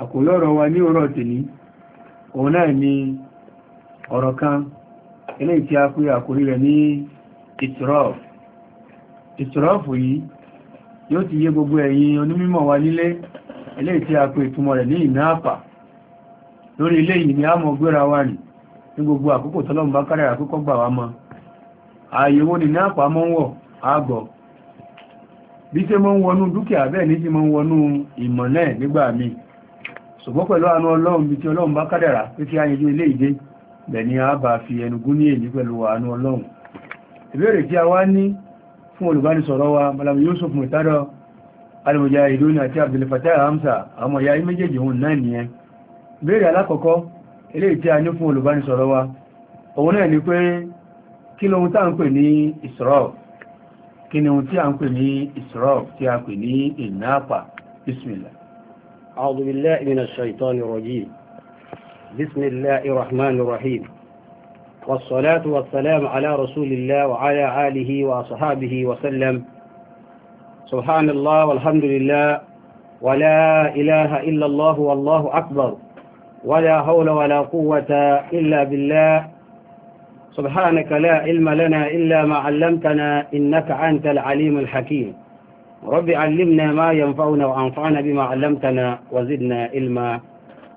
àkòlọ́rọ̀ wa ní ọ̀rọ̀ tèní òun náà ni ọ̀rọ̀ kan ilé tí a pé àkòrí rẹ̀ ní ìtìrọ́f ìtìrọ́f yìí yóò ti yé gbogbo ẹyin onímọ̀ wa nílé ilé tí a pé ìtumọ̀ rẹ̀ ní ìnáàpà lórí ilé yìí ni a gbéra wa ní gbogbo àkókò tọ́lọ́mù bá kárẹ̀ ṣùgbọ́n pẹ̀lú àánú ọlọ́run bí tí ọlọ́run bá kádàrà pé kí a yẹjú ilé ìdé bẹ̀ ni a bá fi ẹnugún ní èyí pẹ̀lú àánú ọlọ́run ìbéèrè tí a wá ní fún olùbánisọ̀rọ̀ wa malam yusuf mutadọ al-mujahidun àti abdulfatah hamza àwọn ọ̀yá méjèèjì òun náà nìyẹn ìbéèrè alákọ̀ọ́kọ́ eléyìí tí a ní fún olùbánisọ̀rọ̀ wa òun náà ni pé kí lohun tá ni ohun tí a ń bismillah أعوذ بالله من الشيطان الرجيم بسم الله الرحمن الرحيم والصلاة والسلام على رسول الله وعلى آله وأصحابه وسلم سبحان الله والحمد لله ولا إله إلا الله والله أكبر ولا حول ولا قوة إلا بالله سبحانك لا علم لنا إلا ما علمتنا إنك أنت العليم الحكيم رب علمنا ما ينفعنا وأنفعنا بما علمتنا وزدنا علما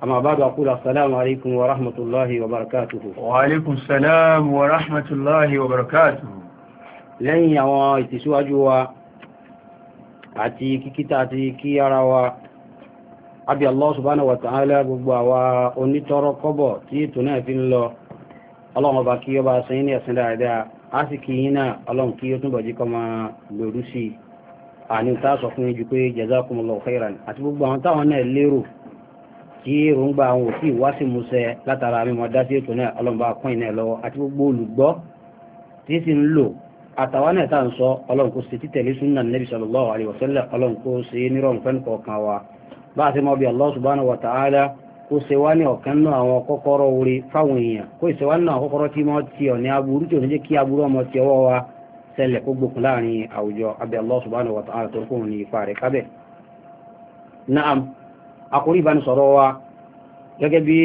أما بعد أقول السلام عليكم ورحمة الله وبركاته وعليكم السلام ورحمة الله وبركاته لن يوا يتسوى جوا àti kíkítà àti kí ara wa àbí Allah subhanahu wa ta'ala gbogbo àwa onítọ́rọ kọ́bọ̀ tí ètò náà fi ń lọ ọlọ́run ọba kí ọba sẹ́yìn ní ẹ̀sìn dáadáa á sì kí yín náà ọlọ́run kí ó túnbọ̀ jí kọ́ máa gbèrú sí i àní tá a sọ fún yín pé jazakumullahu khairan àti gbogbo àwọn táwọn náà lérò kí èròǹgbà àwọn òsì wá sí musẹ látara mímọ dá sí ètò náà ọlọ́mọba kún iná lọ́wọ́ àti gbogbo olùgbọ́ tí sì ń lò àtàwọn náà tá à ń sọ ọlọ́run kò sí títẹ̀lé súnà nabi sallallahu alaihi wasallam ọlọ́run kò sí nírọ̀rùn fẹ́ kọ̀ọ̀kan wa bá a ti mọ bí Allah subhanahu wa ta'ala kó ṣe wá ní ọ̀kan náà àwọn kọ́kọ́rọ́ orí fáwọn èèyàn kó ṣe wá ní àwọn kọ́kọ́rọ́ tí mo ti ọ̀ ní aburú tí ò ní jẹ́ kí aburú ọmọ ti ọwọ́ wa ṣẹlẹ̀ kó gbókun láàrin àwùjọ abẹ́ Allah subhanahu wa ta'ala tó kún ní ipa rẹ̀ kábẹ̀. Naam, àkórí ìbánisọ̀rọ̀ wa gẹ́gẹ́ bí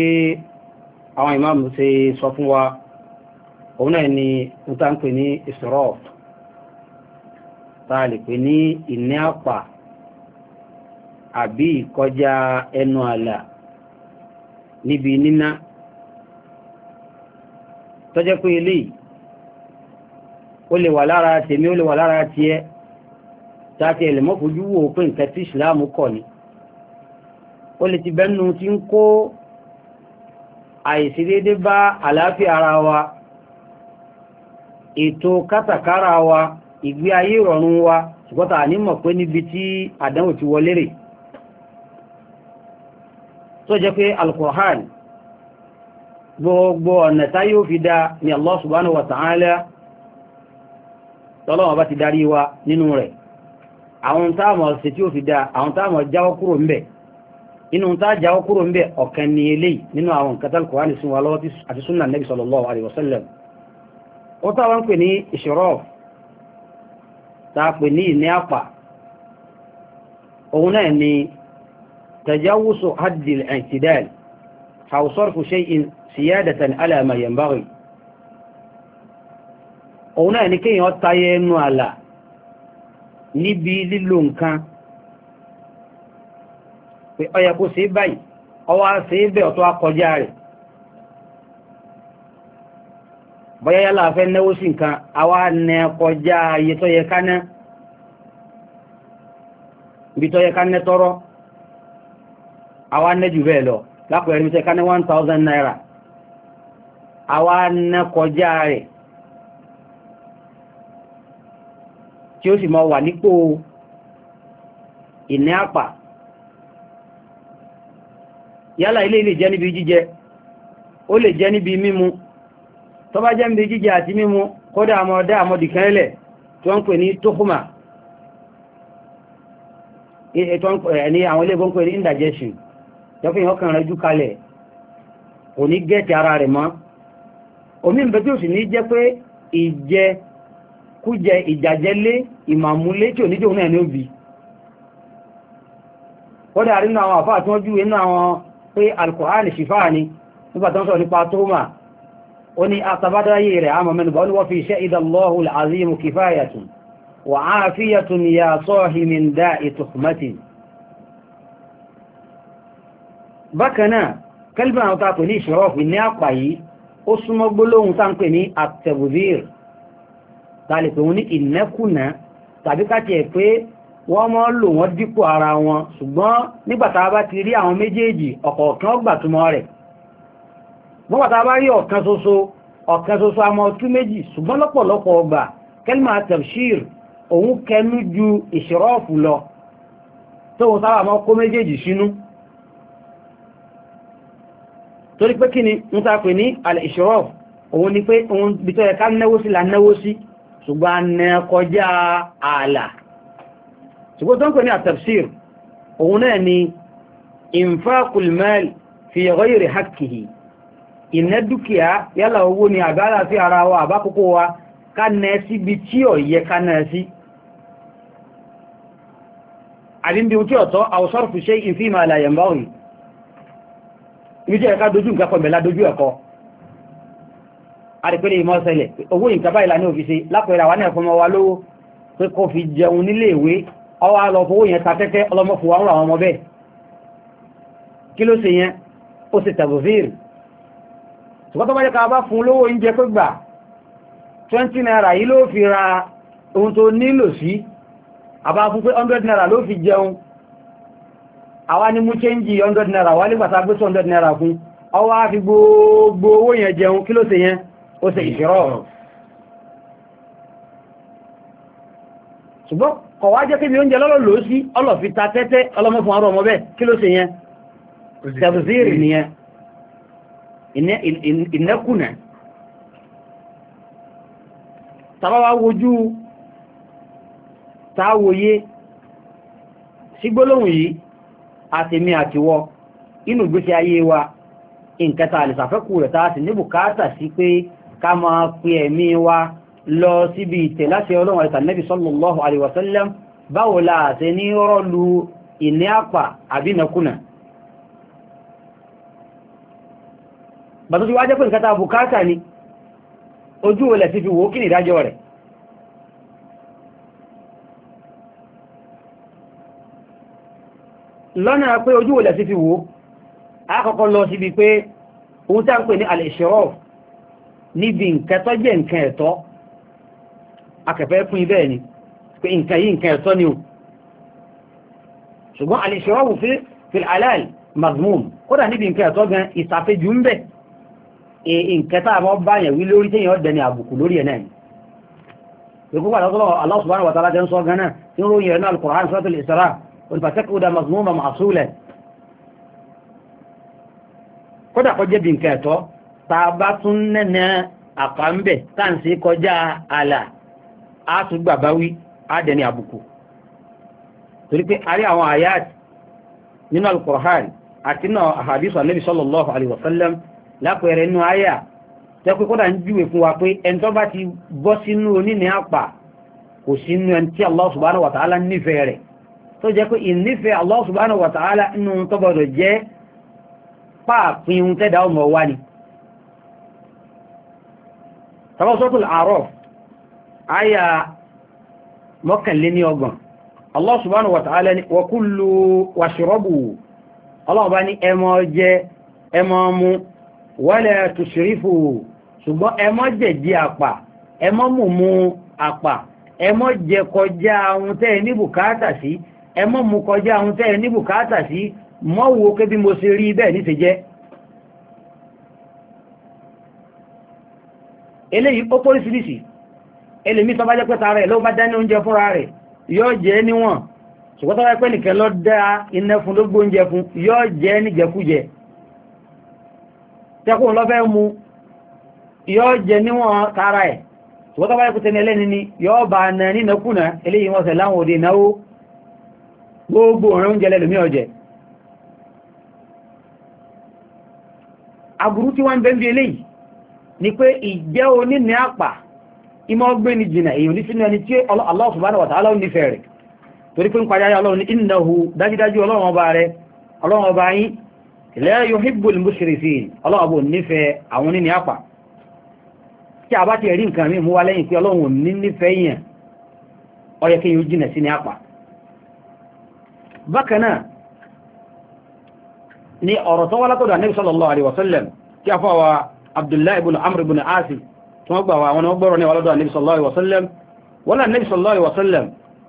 àwọn ìmáàmù ṣe sọ fún wa, òun náà ni n ta ń pè ní israf, ta lè pè ní ìní àpà àbí ìkọjá ẹnu àlà níbi níná. Tọ́jẹ́ pé eléyìí ó lè wà lára tèmi ó lè wà lára tiẹ̀ tàbí ẹlẹ́mọ́ fojú wò pé nǹkan tí ìsìláàmù kọ̀ ni ó lè ti bẹ́nu tí ń kó àìsídédé bá àlàáfíà ara wa ètò kátàkárà wa ìgbé ayé ìrọ̀rùn wa ṣùgbọ́n tà ní pé níbi tí àdánwò ti wọlé rè tó jẹ́ pé alkùrán gbogbo ọ̀nà táyé ó dá ni Allah subhanahu wa ta'ala tọ́lọ́wọ́n bá ti darí wa nínú rẹ̀ àwọn táàmù ọ̀sẹ̀ tí ó fi da àwọn táàmù jáwọ́ kúrò ń bẹ̀ inú tá jáwọ́ kúrò ń bẹ̀ ọ̀kan ni eléyìí nínú àwọn nǹkan tálkù wá ní sunwa lọ́wọ́ àti sunna nabi sallallahu alaihi wasallam ó táwọn ń pè ní ìṣòro tá òun náà ní kéèyàn tayẹ ẹnu àlà níbi lílo nǹkan pé ọyẹ kó ṣe báyìí ọwọ́ ṣe bẹ́ẹ̀ ọ̀tọ́ akọjá rẹ̀ bọ́yá yálà fẹ́ náwó sí nǹkan àwa nẹ kọjá iye tó káná ibi tó káná tọrọ àwa nẹ jù bẹ́ẹ̀ lọ lápẹẹrẹ ibi tó káná one thousand naira awa nẹ kọjá rẹ̀ tí ó sì máa wà nípò ìní àpà yálà ilé lè jẹ́ níbi jíjẹ ó lè jẹ́ níbi mímu tó bá jẹ́ níbi jíjẹ àti mímu kódà àmọ́dá àmọ́dìkánlẹ̀ tí wọ́n ń pè ní tókùmà ní àwọn ilé ìbọn pè ní indigestion tọ́fíyàn ọkàn rẹ̀ jú kalẹ̀ kò ní gẹ́ẹ̀tì ara rẹ̀ mọ́ omi ìbẹ̀ tí ó sì ní jẹ́ pé ìjẹ kú jẹ ìjàjẹ́lé ìmàmúlé tí ò níjò náà ní òbí kọ́dà rínú àwọn àfáà tí wọ́n jú inú àwọn pé alkùnrin ṣìfáà ni nígbà tó ń sọ nípa tóma ó ní àtàbádáyé rẹ̀ àmà mẹ́nubá ó ní wọ́n fi iṣẹ́ idallahul tààlè pé wọ́n ní ìnẹ́kùnà tàbí káti ẹ̀ pé wọ́n mọ́ lò wọ́n dípò ara wọn ṣùgbọ́n nígbàtà bá ti rí àwọn méjèèjì ọ̀kọ̀ọ̀kan gbàtúmọ̀ rẹ̀ nígbàtà bá rí ọ̀kan ṣoṣo ọ̀kan ṣoṣo àmọ́ tú méjì ṣùgbọ́n lọ́pọ̀lọpọ̀ ọgbà kẹlma tafsir òun kẹnu ju ìṣirọ́ọ̀fù lọ tó wọn sábà mọ́ kó méjèèjì sínú torí pé kí ni ń ta pè ní al-ìṣirọ́ọ̀fù òun ni pé òun bìtọ̀ ẹ̀ká náwó sí la náwó sí ṣùgbọ́n ní kọjá ààlà ṣùgbọ́n tó ń pè ní àtàfsír òun náà ni infaqul mal fi ghayri haqqihi ìná dúkìá yálà owó ni àbára sí ara wa àbákòókò wa ká náà sí bí tí ò yẹ ká náà sí àbí bí tí ọ̀tọ́ aw sarfu shay'in fima la yanbaghi ẹ̀ká dojú nǹkan pẹ̀lá dojú ẹ̀kọ́ àrípẹ́lẹ̀ ìmọ́sẹ̀lẹ̀ owó ìkàbá ìlànà òfìsẹ́ lápẹ̀ẹ́ra wà náà fọmọ wa lówó pé kó fi jẹun nílé ìwé ọwá lọ fowó yẹn ta tẹ́tẹ́ ọlọ́mọ́fòwà ń ra àwọn ọmọ naira yìí ló fi ra ohun naira ló fi jẹun àwa naira wà nígbàtà naira fún ọwá fi gbogbo owó yẹn jẹun kí ló ṣe yẹn Ose ikhrom. Sugbon ko wa je ki bi onje lolo lo si, Olo fi tete, Olo mo fun aro mo be, ki lo se yen? Tabzir ni yen. Inne in inne kuna. Tawa woju ta woye sigbolohun yi ati mi ati wo inu gbe se aye wa nkan ta le si ni bukata si pe ká máa pe ẹ̀mí wa lọ síbi ìtẹ̀ láti ọlọ́run àti ànábì sallallahu alaihi wasallam báwo la àti ní rọ́lu ìní àpà àbínakúnà bàtọ́ ti wá jẹ́ pé nǹkan tá bùkátà ni ojú olẹ̀ ti fi wò kí lọ́nà pé ojú olẹ̀ ti fi wò á kọ́kọ́ lọ síbi pé ohun ń pè ní al-ishraf níbi nǹkan tó jẹ́ nǹkan ẹ̀tọ́ akẹ̀fẹ́ pín bẹ́ẹ̀ ni pé nǹkan yí nǹkan ẹ̀tọ́ ni o ṣùgbọ́n alìṣẹ́wọ́wù fi filalal mazmum kódà níbi nǹkan ẹ̀tọ́ gan ìsàfẹ́jù ń bẹ̀ e, nǹkan tá àmọ́ báyàn wí lórí téèyàn ọ̀dẹ̀ ni àbùkù lórí ẹ̀ náà ni يقول الله سبحانه وتعالى جن صور جنا يروي لنا القرآن سورة الإسراء والفتكود مظلومة معصولة كده قد يبين كاتو tàbá tún nẹ́nà àpámbẹ̀ tàǹsí kọjá àlà átùgbàbáwí ádẹni àbùkù torí pé a rí àwọn ayat nínú al-Qur'an àti náà àhàbísù Ànábì sallallahu alaihi wasallam lápẹẹrẹ inú àyà tẹ́ pé kódà ń júwe fún wa pé ẹni tó bá ti bọ́ sínú oníní àpà kò sínú ẹni tí Allah subhanahu wa ta'ala nífẹ̀ẹ́ rẹ̀ tó jẹ́ pé ìnífẹ̀ẹ́ Allah subhanahu wa ta'ala inú tó gbọdọ̀ jẹ́ pàápín tẹ́dà ọmọ wa ni tàbí sọ́tùl àárọ̀ àyà mọ́kànléní ọgbọ̀n Allah subhanahu wa ta'ala ni wa kullu washrabu ọlọ́ọ̀bá ní ẹmọ jẹ ẹmọ mu wala tushrifu ṣùgbọ́n ẹmọ jẹ̀jẹ̀ àpà ẹmọ mú mú àpà ẹmọ je kọjá ohun tẹ́ ní bùkátà sí ẹmọ mú kọjá ohun tẹ́ ní bùkátà sí mọ́wó kébí mo ṣe rí bẹ́ẹ̀ ní ṣe jẹ́ eléyìí ó pórísìírísì ẹlẹ́mí tó bá jẹ́ pẹ́ta rẹ̀ ló bá dání oúnjẹ fúnra rẹ̀ yóò jẹ́ níwọ̀n ṣùgbọ́n tó bá pẹ́ nìkan lọ dá iná fún ló gbóúnjẹ fún yóò jẹ́ níjẹkújẹ tẹ́kùn lọ́fẹ́ mu yóò jẹ́ níwọ̀n tara ẹ̀ ṣùgbọ́n tó bá pẹ́ tẹ́ni ẹlẹ́ni ni yóò bá na nínakúnà eléyìí wọ́n sẹ̀ láwọn òde ìnáwó gbogbo òrin oúnjẹ lẹ́lùmí ọ̀jẹ̀ aburú tí wọ́n ń bẹ́ bí eléyìí ni pé ìjẹ́ oníní àpà ìmọ̀ ọgbẹ́ ni jìnà èyàn ní sínú ẹni tí Allah subhanahu wa ta'ala nífẹ̀ẹ́ rẹ̀ torí pé ń pàjáyà ọlọ́run innahu dájúdájú ọlọ́run ọba rẹ̀ ọlọ́run ọba yín la yuhibbul mushrifin a ni abdullahi ibn amr ibn asi tí wọ́n gbà wá àwọn ọgbọ́rọ̀ ní ọlọ́dọ̀ anabi sallallahu alaihi wasallam wọ́n anabi sallallahu alaihi wasallam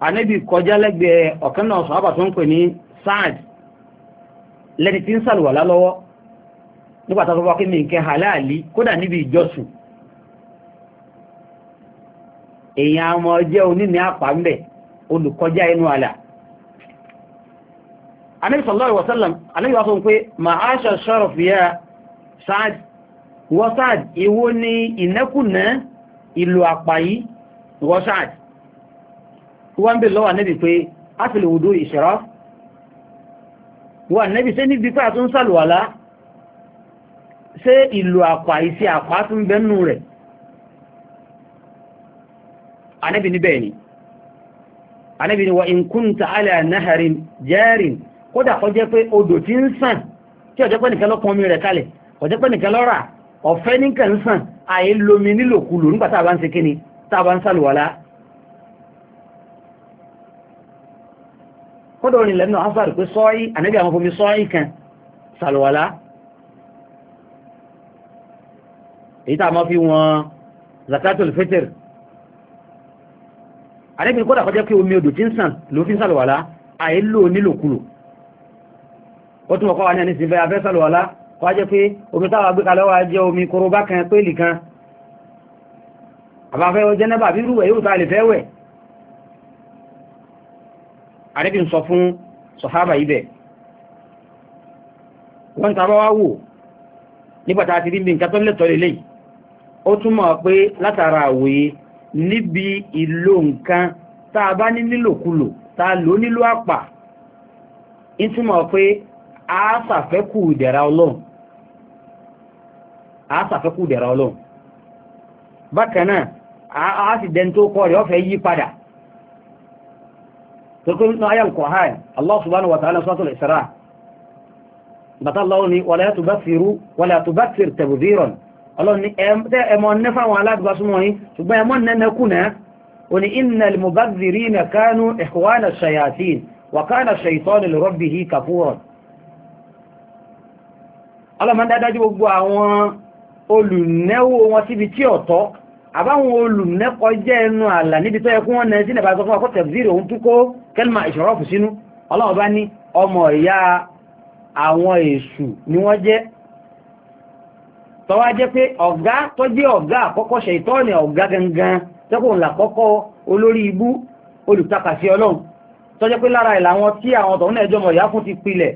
anabi kọjá lẹ́gbẹ̀ẹ́ ọ̀kan náà sọ́ọ́bà tó ń pè ní saad lẹ́ni tí ń sàlùwàlá lọ́wọ́ nígbà tó wá kí mi nkẹ́ halali kódà níbi ìjọsùn èèyàn ọmọ jẹ́ oníní àpá ń bẹ̀ olùkọjá inú wọ́sàd ìwó ni ìnẹ́kùnẹ́ ìlú àpáyí wọ́sàd wọ́n bè lọ́wà nẹ́bì pé a fi lè wùdó ìṣẹ́rọ́ wọ́n nẹ́bì sẹ́ níbi pé àtún sàlùwàlá sẹ́ ìlú àpáyí sí àpá tún bẹ́nu rẹ̀ anẹ́bì níbẹ̀ ni wa naharin kódà kọjẹ́ pé odò ti ń sàn tí ọjọ́ pẹ́ nìkan rẹ̀ kalẹ̀ ọjọ́ pẹ́ nìkan ọ̀fẹ́ ní kẹ̀ǹsàn àyè lomi nílòkulò nígbà tá a bá ń ṣe kíni tá a bá ń sàlùwàlá kọ́dọ̀ orin lẹ́nu afárí pé sọ́ọ́yí ànẹ́bí àwọn fomi sọ́ọ́yí kan sàlùwàlá èyí tá a máa fi wọn zakatul fitr ànẹ́bí kọ́dà kọjá pé omi odò tí ń sàn ló fi sàlùwàlá àyè lò nílòkulò ó tún wọ́kọ́ wa ní ẹni sí bẹ́ẹ̀ afẹ́ sàlùwàlá kọ́ á jẹ́ pé omi táwà gbé kalẹ̀ wà jẹ́ omi koro bá kan péèlì kan àbáfẹ́ ọjẹ́ náà bàbí rúwẹ̀ yóò tàà lè fẹ́ wẹ̀ àrẹ́bì ń sọ fún sọ̀hábà ibẹ̀ wọ́n tàbá wá wò nígbàtà ti rí bí nǹkan tó lẹ́tọ̀ lè léyìí ó túnmọ̀ pé látara àwòye níbi ìlò nǹkan tá a bá ní nílòkulò tá a lò nílò àpà ń pé a ṣàfẹ́kù ìdẹ̀ra ọlọ́run a sàfẹ́kù dẹ̀rẹ̀ ọlọ́run bákan náà a sì dẹn tó kọ́ rẹ̀ ọ́fẹ́ yí padà tó kí nínú ayà nǹkan hàn Allah subhanahu wa ta'ala suratul Isra bàtà Allah ni wala tubasiru wala tubasir ẹmọ nẹ́fà àwọn aládùbásúmọ́ yìí ṣùgbọ́n ẹmọ nẹ́nẹ́kùnà ó ní innal mubadhirina kanu ikhwana shayatin wa kana shaytanu li rabbihi kafura ọlọ́mọdádájú gbogbo àwọn olùnẹ́wó wọn síbi tí ọ̀tọ́ àbáwọn olùnẹ́kọ jẹ́ ẹnu àlà níbi tó ẹkún wọn náà sílẹ̀ bá sọ fún akọ́ tẹ̀bìrì òun tún kó kẹlìmà ìṣọ̀rọ̀fù sínú ọlọ́wọ́ bá ní ọmọ ìyá àwọn èṣù ni wọ́n jẹ́ tọ́wá jẹ́ pé ọ̀gá tó jẹ́ ọ̀gá àkọ́kọ́ ṣe ìtọ́ọ̀nì ọ̀gá gangan tẹ́kùn làkọ́kọ́ olórí ibú olùtakàsí ọlọ́run tó jẹ́ pé lára ìlà wọn tí àwọn tọ̀hún ẹjọ́mọ̀ ìyá fún ti pilẹ̀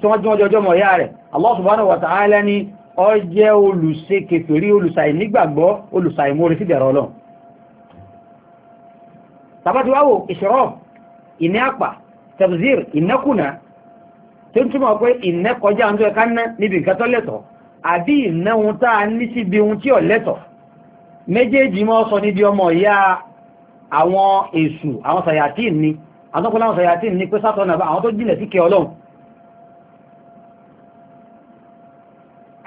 tí wọ́n jẹ́ ìyá rẹ̀ Allah subhanahu wa ta'ala ni ọ jẹ́ olùṣe kèfèrí olùsàì nígbàgbọ́ olùsàì mórí sí dẹ̀rọ ọlọ́run tàbátíwáwò ìṣòro ìní àpà tẹ̀bùzír ìnẹ́kùnà tó ń túnmọ̀ pé ìnẹ́ kọjá ń tó ẹ̀ká ná níbi nǹkan tó lẹ́tọ̀ àbí ìnẹ́ ohun tá a ní síbi ohun tí ò lẹ́tọ̀ méjèèjì mọ́ sọ níbi ọmọ ìyá àwọn èṣù àwọn sàyàtì ní àwọn tó kọ́ láwọn àwọn tó jìnlẹ̀ sí kẹ ọlọ́run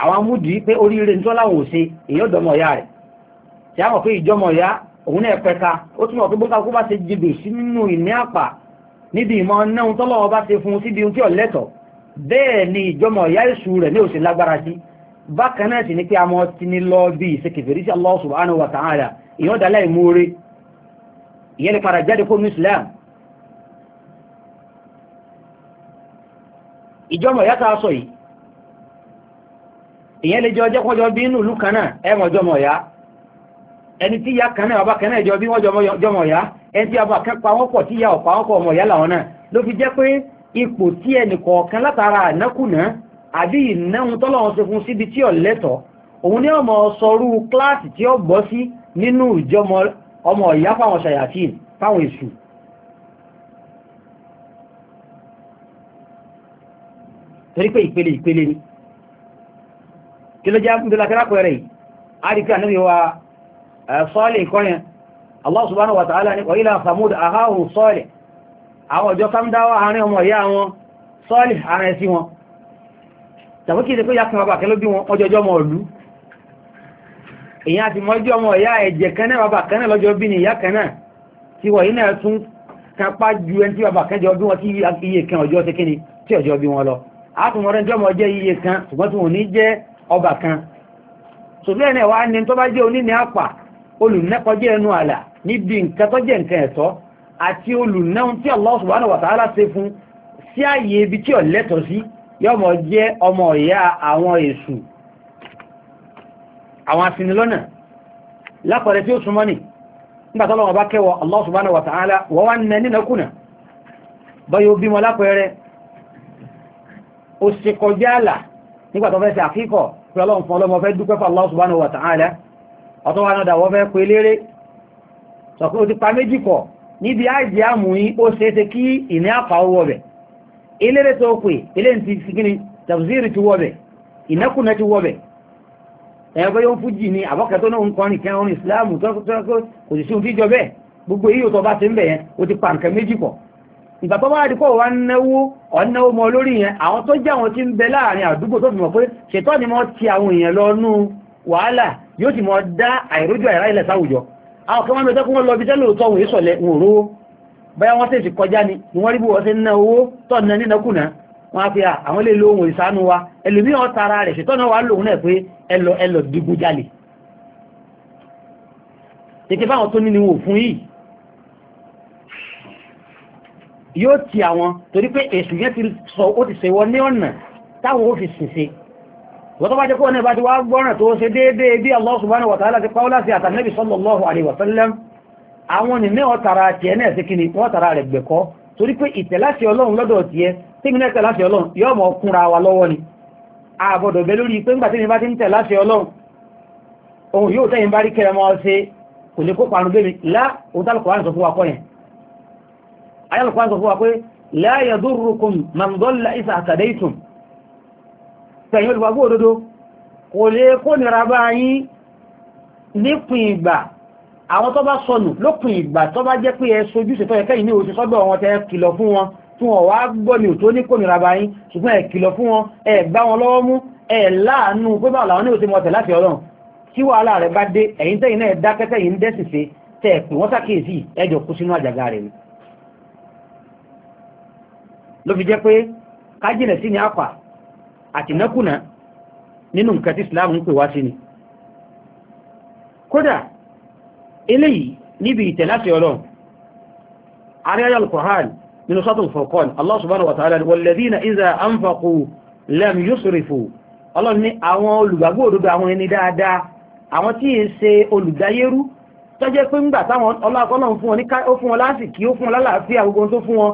àwọn múdìí pé oríire ń tọ́láwò ṣe èyí ọ̀dọ́mọ̀ ìyá rẹ̀ tí a mọ̀ pé ìjọmọ̀ ìyá òun náà pẹ̀ka ó túnmọ̀ pé bóńkà kó bá ṣe jìdò sí nínú ìní àpà níbi ìmọ̀ náà tọ́lọ́wọ́ bá ṣe fún síbi ohun tí ò lẹ́tọ̀ bẹ́ẹ̀ ni ìjọmọ̀ ìyá èṣù rẹ̀ ní òṣè lágbára sí bákan náà sì ni pé a mọ̀ ti ní lọ bí ìṣekèfèrí sí Allah subhanahu wa ta'ala ìyọ́n dalẹ̀ ìmúre ìyẹn ni padà jáde fún Islam ìjọmọ̀ ìyá tá a sọ yìí ìyẹn lè jọ ọjọ́ pọ́jọ bí inú ìlú kan náà ẹwọ̀n ọ̀yá ẹni tí ya kan ọba kan náà jọ bí wọ́n jọmọ̀ ọ̀yá ẹni tí ọba pa pọ̀ tí ya ọ̀pá ọmọ ọ̀yá làwọn náà ló fi jẹ́ pé ipò tí ẹnì kọ̀ọ̀kan látara ànákùnà àbí ìnáhun kí ló jẹ́ ìbílá kẹ́lápọ̀ rẹ̀ àríkà níbi wa sọ́ọ̀lì ìkọrin Allah subhanahu wa ta'ala ní ọ̀yílá samud aháhùn sọ́ọ̀lì àwọn ọjọ́ samdáwà àárín ọmọ ìyá wọn sọ́ọ̀lì àárín sí wọn tàbí kí ìdíkó yàtọ̀ bàbá kẹ́ló bí wọn ọjọ́jọ́ mọ̀ ọ̀lú èyí àti mọ́jọ́ ọmọ ìyá ẹ̀jẹ̀ kan náà bàbá kan náà lọ́jọ́ bí ni ìyá kan náà tí wọ̀nyí náà tún ọba kan ṣùgbọ́n ẹ̀rẹ̀ wá ní tó bá jẹ́ oníní àpà olùnẹ́kọjẹ́ ẹnu àlà níbi nǹkan tó jẹ́ nǹkan ẹ̀tọ́ àti olùnẹ́un tí Allah subhanahu wa ta'ala ṣe fún sí ààyè ibi tí ó lẹ́tọ̀ sí yọmọ jẹ́ ọmọ ìyá àwọn èṣù àwọn asinilọ́nà lápẹẹrẹ tí ó súnmọ́ nì nígbàtọ́lọ́wọ́ bá kẹwọ Allah subhanahu wa ta'ala wọ́n wá nẹ nínakúnà bọ́yọ̀ bímọ lápẹẹrẹ ó ṣe kọjá àlà nígbàtọ́ fẹ́ pé ọlọ́run fún ọlọ́mọ fẹ́ dúpẹ́ fún Allah subhanahu wa ta'ala ọ̀tọ́ wa náà dàwọ́ fẹ́ pé léré sọ pé o ti pa méjì kọ̀ níbi àìjẹ́ àmú yí ó ṣeéṣe kí ìní àpá owó ọbẹ̀ eléré tó pè elé ti fi kíni tafsiri ti wọ́bẹ̀ ìnákùnà ti wọ́bẹ̀ ẹ̀yọ́ bẹ́ yóò fún jì ní àbọ́kẹ́ tó náà ń kọrin kẹ́ orin Islam tó kò sì sí ohun tíjọ bẹ́ẹ̀ gbogbo yíyó tó bá ti ń bẹ̀ yẹn o ti pa nǹkan méjì kọ̀ ìgbà tó bá rí pọ̀ wá náwó ọ̀náwó mọ́ lórí yẹn àwọn tó jẹ́ àwọn tí ń bẹ láàrin àdúgbò tó fi pé ṣètọ́ ni mọ́ ti àwọn èèyàn lọ nú wàhálà yóò sì mọ́ dá àìrójú àìrá ilẹ̀ sáwùjọ àwọn kan wọ́n mẹ́tọ́ kí wọ́n lọ bí tẹ́lẹ̀ òótọ́ òun ìsọ̀lẹ̀ ń ró báyá na nínakùnà wọ́n á fi àwọn wa ẹlòmí ọ̀ tara rẹ̀ ṣètọ́ náà wà lòun náà pé ẹlọ ẹlọ digun jalè tètè tó ní ni wò fún yìí yóò ti àwọn torí pé èsù yẹn ti sọ ó ti ṣe wọ́n ní ọ̀nà táwọn ó fi ṣìṣe wọ́n tó bá jẹ́ kó ní bá ti wá gbọ́ràn tó ṣe déédéé bí Allah subhanahu wa ta'ala ti pàwọ́lá sí àtànẹ́bì sallallahu alaihi wasallam àwọn nìní ọ̀tara tiẹ̀ náà sí kíni wọ́n tara rẹ̀ gbẹ̀kọ́ torí pé ìtẹ̀láṣẹ ọlọ́run lọ́dọ̀ tiẹ̀ tí mi náà tẹ̀láṣẹ kò ní kó parun bẹ́mi lá òun tálùkọ̀ wá ń wa kọ́ yẹn ayálùkọ́ sọ fún wa pé la yadurrukum man dalla isa àtàdéìtùn tẹ̀yìn olùgbàgbọ́ òdodo kò lè kó nira bá yín nípìn ìgbà àwọn tó bá sọnù lópin ìgbà tó bá jẹ́ pé ẹ sojúṣe tó yẹ kẹ́yìn ní òṣìṣẹ́ sọ́dọ̀ wọn tẹ́ kìlọ̀ fún wọn tí wọ́n wá gbọ́ ní òtó ní kò nira bá yín ṣùgbọ́n ẹ kìlọ̀ fún wọn ẹ bá wọn lọ́wọ́ mú ẹ láàánú pé báwọn làwọn ní òṣìṣẹ́ mọ̀tẹ̀ láti ọlọ́run tí wàhálà rẹ̀ bá dé ẹ̀yìn tẹ́yìn náà dákẹ́tẹ́yìn dẹ́sìse tẹ̀ pé wọ́n sákèésì ẹjọ́ kú sínú àjàgà rẹ̀ ni ló fi jẹ́ pé kájìnà sí ni àpà àti nákùnà nínú nǹkan tí islam ń pè wá sí ni kódà eléyìí níbi ìtẹ̀láṣẹ ọlọ́run àríyá al nínú sọ́tún Furqan Allah subhanahu wa ta'ala iza idha anfaqu lam yusrifu ọlọ́run ní àwọn olùgbàgbọ́ òdodo àwọn ẹni dáadáa àwọn tí è ṣe olùdáyérú tó jẹ́ pé ńgbà táwọn ọlọ́run fún wọn ní ó fún wọn lásìkí ó fún wọn lálàáfíà gbogbo tó fún wọn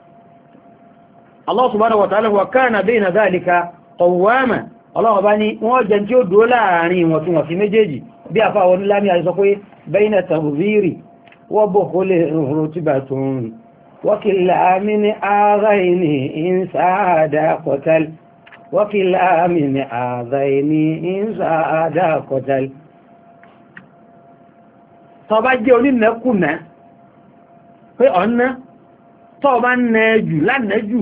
Allah subhanahu wa ta'ala wa kana bayna dhalika qawwama Allah bá ní wọ́n jẹ tí ó dúó láàrin wọn tún wọ̀n sí méjèèjì bí àfá àwọn lámì àìsọ pé bayna tawziri wa bukhli rutbatun wa killa min aghayni in saada qatal wa killa min aghayni in qatal tó bá jẹ́ onínàkùnà pé ọ̀nà tó bá nẹ́ jù lánàá jù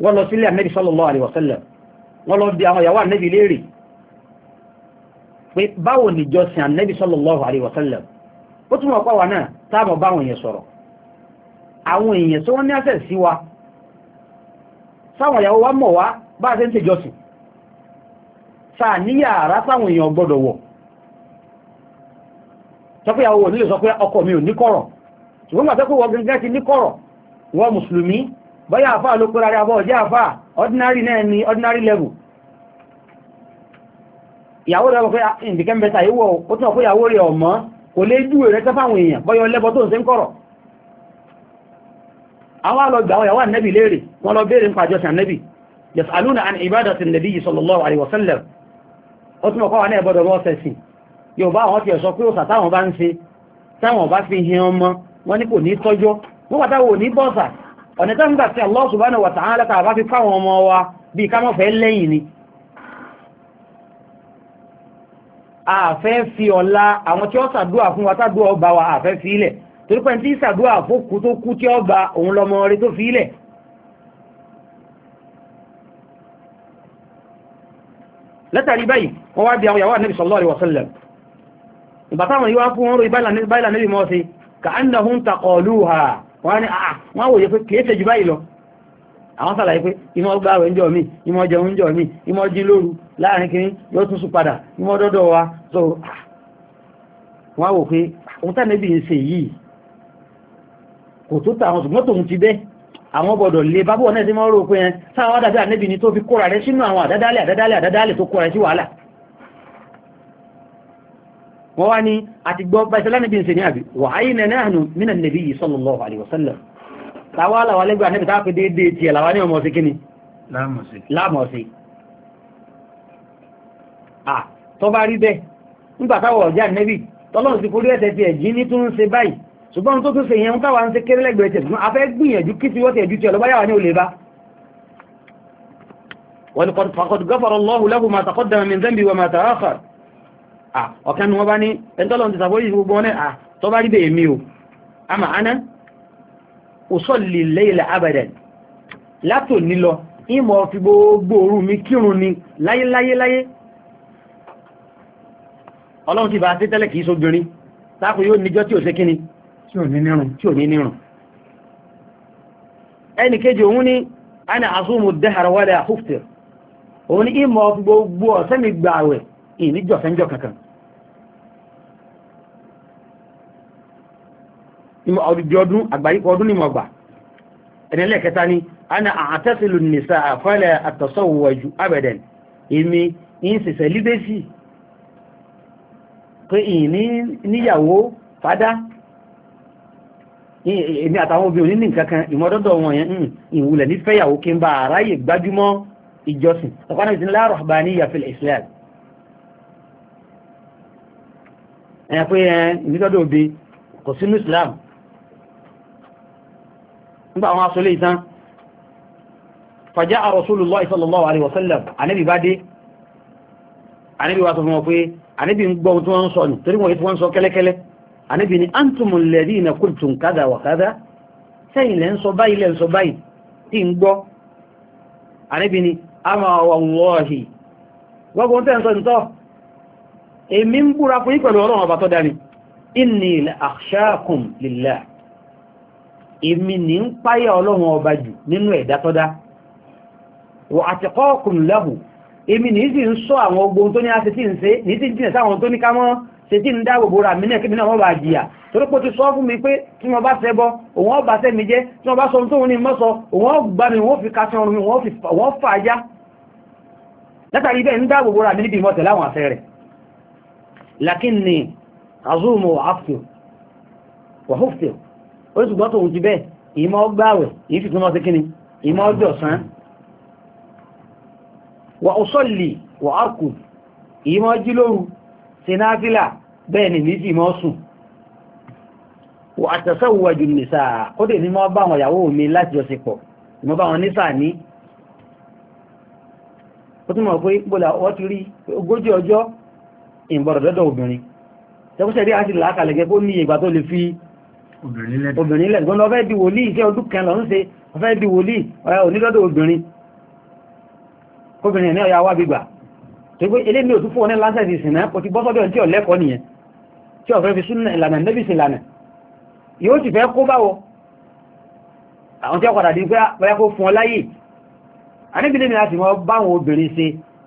wọ́n lọ sílé ànẹ́bí sallallahu alaihi wasallam wọ́n lọ bí àwọn ìyàwó ànẹ́bí léèrè pé báwo ni jọsìn ànẹ́bí sallallahu alaihi wasallam ó túnmọ̀ pọ̀ wà náà táàmù báwọn èèyàn sọ̀rọ̀ àwọn èèyàn tí wọ́n ní àṣẹ sí wa sáwọn ìyàwó wa mọ̀ wá bá a ṣe ń ṣe jọsìn sáà ní yàrá sáwọn èèyàn gbọ́dọ̀ wọ̀ sọpé àwọn òní lè sọ pé ọkọ mi ò ní kọ̀rọ̀ ṣùgbọ́n gbàtọ́ pé wọ́n gẹ́gẹ́ ti ní kọ̀rọ̀ wọ́n mùsùlùmí bọ́yá àfá ló kóra rẹ̀ àbọ̀ jẹ́ àfá ordinary náà ni ordinary level ìyàwó rẹ̀ wọ́n pé ìdíkẹ́ mẹ́ta ìwọ̀ ó tún ọ̀pọ̀ ìyàwó rẹ̀ ọ̀mọ́ kò lè júwe rẹ̀ tẹ́fàwọn èèyàn bọ́yọ lẹ́bọ tó ń ṣe ń kọ̀rọ̀ àwọn alọ́gbà àwọn ìyàwó ànẹ́bì léèrè wọ́n lọ béèrè ń pàjọ sànẹ́bì yasaluna an ibadati nabi sallallahu alaihi wasallam ó tún ọkọ̀ wà náà ẹ̀bọ̀dọ̀ rọ́ sẹ̀sìn yóò bá àwọn ti ẹ̀sọ́ pé òsà táwọn bá ń ṣe táwọn bá fi hin ọmọ wọn ní kò ní tọ́jọ́ wọ́n pàtàkì ò ní bọ́sà ọ̀nà tó ń gbà sí Allah subhanahu wa ta'ala tàà bá fi fáwọn ọmọ wa bí ká mọ́fẹ́ lẹ́yìn ni a fẹ́ fi ọlá àwọn tí ó sàdúà fún wa tàdúà ọba wa a fẹ́ fi ilẹ̀ torí pé tí sàdúà fókù tó kú tí ọba òun lọmọ rẹ̀ tó fi ilẹ̀ látàrí báyìí wọ́n wá bí àwọn yàwó wọ́n ní àà ah, wọ́n wòye pé kìí ṣe báyìí lọ àwọn sàlàyé pé ìmọ̀ gbáwẹ̀ ń jọ mí ìmọ̀ jẹun ń jọ mí ìmọ̀ jí lóru láàrin kìíní yóò tún sùn padà ìmọ̀ dọ́dọ̀ wa so ah, wọ́n wò pé òun tàbí n ṣe yìí kò tó tà àwọn ṣùgbọ́n tòun ti bẹ́ àwọn gbọ́dọ̀ lè bábọ̀ náà sí mọ́ rò pé ẹ sáwọn àdàbí ànẹ́bì ni wọ́n wá ní àti gbọ́ bá ìsẹ́lá níbi ìsẹ̀ ní àbí wà áyí nẹ̀ náà nù mínà nìbí yìí sallallahu alaihi wasallam tàwa àlàwà lẹ́gbẹ̀ẹ́ àníbi táàpì déédéé tiẹ̀ làwa ní ọmọ sí kíni láàmọ̀sí à tó bá rí bẹ́ẹ̀ nígbà táwọ̀ ọ̀já nẹ́bì tọ́lọ́run ti forí ẹ̀sẹ̀ tiẹ̀ jí ní tún ṣe báyìí ṣùgbọ́n tó tún ṣe yẹn táwa ń ṣe kéré lẹ́gbẹ̀ẹ́ wọ́n ni faqad ghafara Allahu lahu ma taqaddama min ọ̀kan ni wọ́n bá ní ẹntọ́lọ́n ti sàbórí gbogbo wọn náà tó bá rí bẹ̀ èmi o àmà aná usolli layla abadan látò nílọ ìmọ̀ fi gbogbo òru mi kírun ni láyéláyéláyé ọlọ́run ti bá a sí tẹ́lẹ̀ kìí sóbìnrin táàkù yóò níjọ́ tí ò sé kíni tí ò ní nírun tí ò òun ni ana asumu dahara wala huftir òun ni ìmọ̀ fi gbogbo ọ̀sẹ́ mi ìníjọ̀sẹ́njọ́ kankan ìmọ̀ ọdúdí ọdún àgbáyíkọ ọdún ní mọ̀gbà ẹ̀nẹ́lẹ̀ kẹta ni a na àtẹ́sìlù nìsà àfẹ́lẹ̀ àtọ̀sọ̀wọ̀wọ̀jú abẹ̀dẹ̀n èmi in sẹ̀sẹ̀ líbẹ́sì pé ìní níyàwó fádá èmi àtàwọn obìnrin ní nǹkankan ìmọ̀dọ́dọ̀ wọn yẹn hmm, ìwúlẹ̀ nífẹ́yàwó kí n bá aráyè gbájúmọ́ ìjọsìn ọ̀pánà ìsinlẹ̀ àrọ̀bá ní yàfẹ́lẹ̀ ìsìlẹ̀ ẹ̀yà pé ẹ ìbítọ́dọ̀ òbí kò sínú Islam nígbà àwọn aṣọ lè tán fàjá àrọ̀súlùlọ́ sallallahu alaihi wasallam àníbì bá dé àníbì wá sọ fún wọn pé àníbì ń gbọ́ ohun tí wọ́n ń sọ nù torí wọ́n yìí tí wọ́n ń sọ kẹ́lẹ́kẹ́lẹ́ àníbì ni antumul ladhina èmi ń búra fún ìpẹ̀lú ọlọ́run ọba tó dáni inni la akhshakum lillah èmi ní ń páyà ọlọ́run ọba jù nínú ẹ̀dá tó dá wa atqakum lahu èmi ní sì ń sọ àwọn ogun tó ní a ti tí ń ṣe ní tí ń jìnà sáwọn tó ní ká mọ́ ṣe tí ń dá gbogbo ra mi náà kí mi náà látàrí bẹ́ẹ̀ ń dá gbogbo ra mi níbi ìmọ̀tẹ̀ láwọn àṣẹ rẹ̀ لكني عظومه وعفته وحفته ó ohun ti bẹ́ẹ̀ ìmọ̀ ọgbàwẹ̀ yìí fi túnmọ̀ sí kíni ìmọ̀ ọjọ́ ọ̀sán wà ọ̀sọ́lì wà ákù ìmọ̀ jílóru sináfílà bẹ́ẹ̀ ni ní ìmọ̀ sùn wà àtẹ̀sẹ́wọ̀wọ̀jù nìsà ó dè mímọ̀ bá wọn ìyàwó mi ti rí ogoji ọjọ́ ìbọ̀rọ̀ dọ́dọ̀ obìnrin tẹ́kúṣẹ́ rí àti làákàlẹ̀kẹ́ kó ní ìgbà tó lè fi obìnrin lẹ̀ gbọ́n ọfẹ́ di wòlíì iṣẹ́ ọdún kan lọ ń ṣe ọfẹ́ di wòlíì onídọ́dọ̀ obìnrin kóbìnrin ní ọya wá gbígbà tó gbé ilé mi ò tún fún ọ ní lásẹ̀ ti sìn náà kò ti bọ́ sọ́dọ̀ tí ọ̀lẹ́kọ̀ọ́ nìyẹn tí ọ̀fẹ́ fi súnà ìlànà nẹ́bì sí ìlànà yóò sì fẹ́ kó báwọ àwọn tí ọkọ̀dà di pé ah, bóyá kó fún ọ láyè aníbìlẹ̀ mi láti mọ báwọn obìnrin ṣe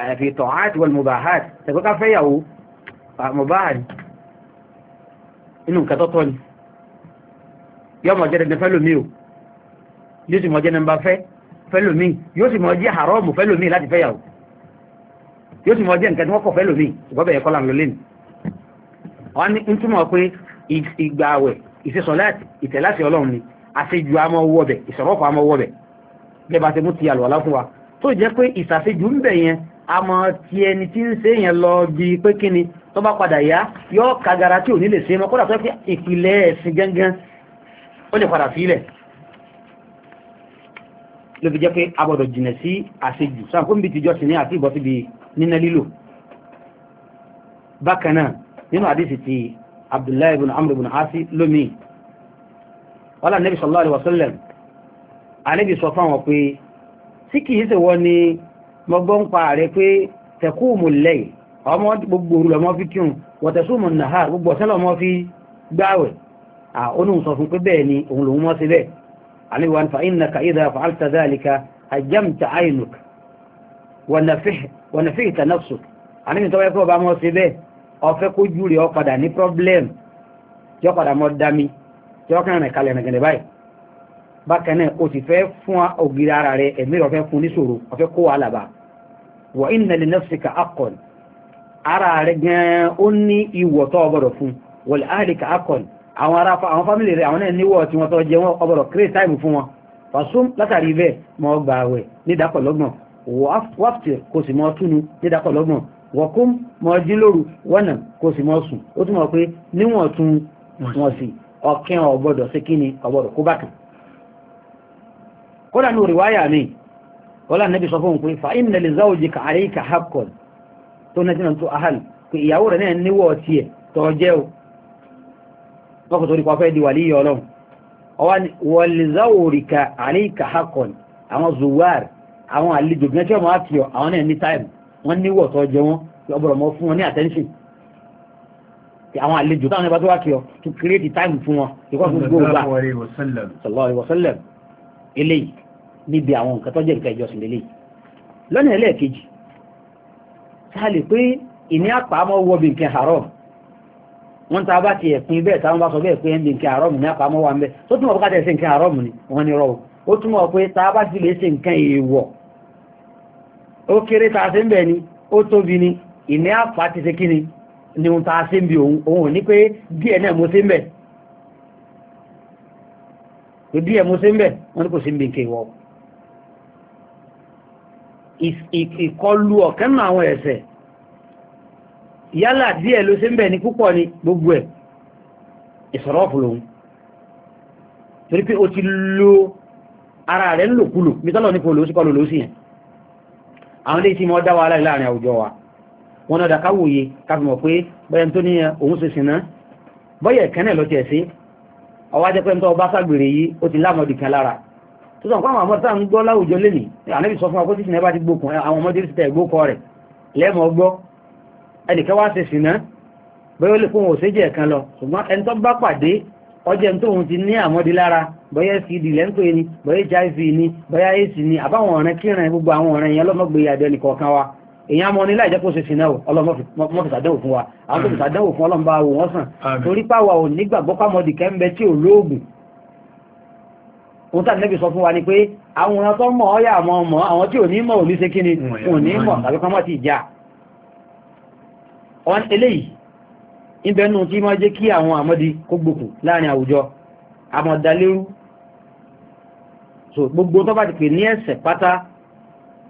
àyàfi tọ̀hát wal mubahat tẹ̀kọ́ ká fẹ́yàwó mubahad inú nǹkan tọ́tọ́ ni yọ́ mọ̀ jẹ́ dandan fẹ́lòmí o yóò sì mọ̀ jẹ́ nọmba fẹ́ fẹ́lòmí yóò sì mọ̀ jẹ́ haramu fẹ́lòmí láti fẹ́yàwó yóò sì mọ̀ jẹ́ nǹkan tí wọ́n kọ̀ fẹ́lòmí ìgbọ́bẹ̀ yẹ kọ́lá lólé ni wọ́n ní ń túmọ̀ pé ìgbà àwẹ̀ ìṣesọ̀láàtì ìtẹ̀láṣẹ ọlọ́run ni àṣejù àmọ́ owó ọbẹ̀ ìṣọ̀rọ̀kọ̀ àmọ́ owó ọbẹ̀ gẹ́gẹ́ bá ti mú ti àlùwàlá fún wa tó jẹ́ pé ìṣàṣejù ń bẹ̀ yẹn a mọ̀ ti ẹni tí ń ṣe èèyàn lọ bí pé kí ni tó bá padà yá yóò kagara tí ò ní lè ṣe mọ́ kódà tó pé ìpìlẹ̀ ẹ̀sìn gangan ó lè padà sílẹ̀ ló fi jẹ́ pé a gbọ́dọ̀ jìnà sí àṣejù sáà fún bí ní àti ìbọ̀ síbi níná lílò bákan náà nínú àdísì Amr ibn Asi lómi wọ́lá nẹ́bí sallallahu alaihi wasallam ànẹ́bí sọ fáwọn pé sí kìí ṣe mo gbọ́ ń pa rẹ̀ pé tẹ̀kú mùlẹ̀ ọmọ gbogbo òru lọ́mọ fi kírun wọ̀tẹ̀sùmù nàá gbogbo ọ̀sẹ́ lọ́mọ fi gbáwẹ̀ òun sọ fún pé bẹ́ẹ̀ ni òun lòun mọ́ sí bẹ́ẹ̀ àníwá fa innaka idha fa'alta dhalika ajamta aynuk wa nafihta nafsuk àníbi tọ́wọ́ ẹ̀kọ́ ọba bákan náà o sì fẹ́ fún ògiri ara rẹ ẹ̀mí rẹ̀ ọ̀fẹ́ fún níṣòro ọ̀fẹ́ kó wàhálà bá wà inna li nafsika akọ̀l ara rẹ̀ gan-an ó ní ìwọ̀ tó ọbọ̀dọ̀ fún wal ahlika akọ̀l àwọn ará àwọn fámìlì rẹ̀ àwọn náà níwọ̀ tí wọ́n tọ́ jẹ wọ́n ọbọ̀dọ̀ kírè táìmù fún wọn fàṣún látàrí bẹ́ẹ̀ mọ́ gba àwẹ̀ nídàkọ̀lọ́gbọ̀n wáfìtì ọ̀kẹ́ ọ̀gbọ́dọ̀ sí kíni kó bákan kódà ní òrìwáyà mi wọ́n láti nẹ́bí sọ fún pé fa inna li zawjika alayka haqqan tó náà jìnà tó ahal pé ìyàwó rẹ̀ náà níwọ̀ ọtí ẹ̀ tọ́ jẹ́ o lọ́kùn torí pàfẹ́ di wàlí yọ lọ́hùn ọwọ́ wa li zawjika alayka haqqan àwọn zuwar àwọn àlejò gbẹ́ tí wọ́n máa fi ọ àwọn náà ní táìmù wọ́n níwọ̀ tọ́ jẹ wọn ọbọ̀rọ̀ mọ́ fún wọn ní táwọn ẹbá tó wá kí to create time fún wọn ìkọ́ fún gbogbo ọgbà sallallahu alaihi wasallam eléyìí níbi àwọn nǹkan tó jẹ́ nǹkan ìjọsìn lélẹ̀ lọ́nà ẹlẹ́ẹ̀kejì sáà lè pé ìní àpamọ́ wọbi nǹkan haram wọ́n ta bá ti ẹ̀pin bẹ́ẹ̀ táwọn bá sọ bẹ́ẹ̀ pé ẹ̀mí nǹkan haram ní àpamọ́ wa ń bẹ́ tó túnmọ̀ bọ́kátẹ̀ sí nǹkan haram ni wọ́n ni rọ́wọ́ ó túnmọ̀ pé ta bá ti lè ṣe nǹkan èèwọ̀ ó kéré ta sí ń bẹ̀ ni ó tóbi ni ìní àpá ti ṣe kíni ni ta sí ń bi òun òun ní pé díẹ̀ náà mo sí ń bẹ̀ díẹ̀ mo sí ń bẹ̀ wọ́n ní kò sí ń bi nǹkan èèwọ̀ ìkọlù ọ̀kan àwọn ẹ̀ṣẹ̀ yálà díẹ̀ ló ṣe ń bẹ̀ ní púpọ̀ ní gbogbo ẹ̀ ìsọ̀rọ̀fù lòun torí pé o ti lo ara rẹ̀ ń lòkúlò mítọ́lọ̀ ní lòó sí kọlù sí yẹn àwọn ilé tí mọ́ dáwà wàhálà àwùjọ wa wọn tó sọ pàmò àwọn tá ń gbọ́ láwùjọ lè ní ànábì sọ fún akó títí nẹ́bá ti gbókun àwọn ọmọdé ti tẹ̀ gbókọ rẹ̀ lẹ́mọ̀ ọgbọ́ ẹnìkẹ́ wá ṣe sìnà bóyá ó lè kóhun òṣèjì ẹ̀kan lọ ṣùgbọ́n ẹni tó bá pàdé ọjọ́ ẹni tóhun ti ní àmọ́dé lára bóyá cd lẹ́ńpẹ́ ni bóyá hiv ni bóyá ac ni àbáwọn ọ̀rẹ́ kíran gbogbo àwọn ọ̀rẹ́ yẹn ọlọ́mọgbé yàdọ ẹnìkọ̀ọ̀kan wa èyàn mọ́ ní láìjẹ́ kó ṣe sínú ọlọ́mọ́fìsàdánwò fún wa àwọn tó fìsàdánwò fún ọlọ́mbà wò wọ́n sàn torí pàwà ò nígbàgbọ́ pàmọ́dì kẹ́ tí ò lóògùn òun tàbí lẹ́bí sọ fún wa ni pé àwọn tó mọ̀ ọ́yà àwọn ọmọ àwọn tí ò ní mọ̀ ò ní ṣe kí ni ò ní mọ̀ tàbí kan mọ̀ ti ìjà ọ̀n eléyìí ìbẹ̀nù tí máa jẹ́ kí àwọn àmọ́dí kó gbòkù láàrin àwùjọ àmọ̀dálérú so gbogbo tó bá ti pè ní ẹ̀ṣẹ̀ pátá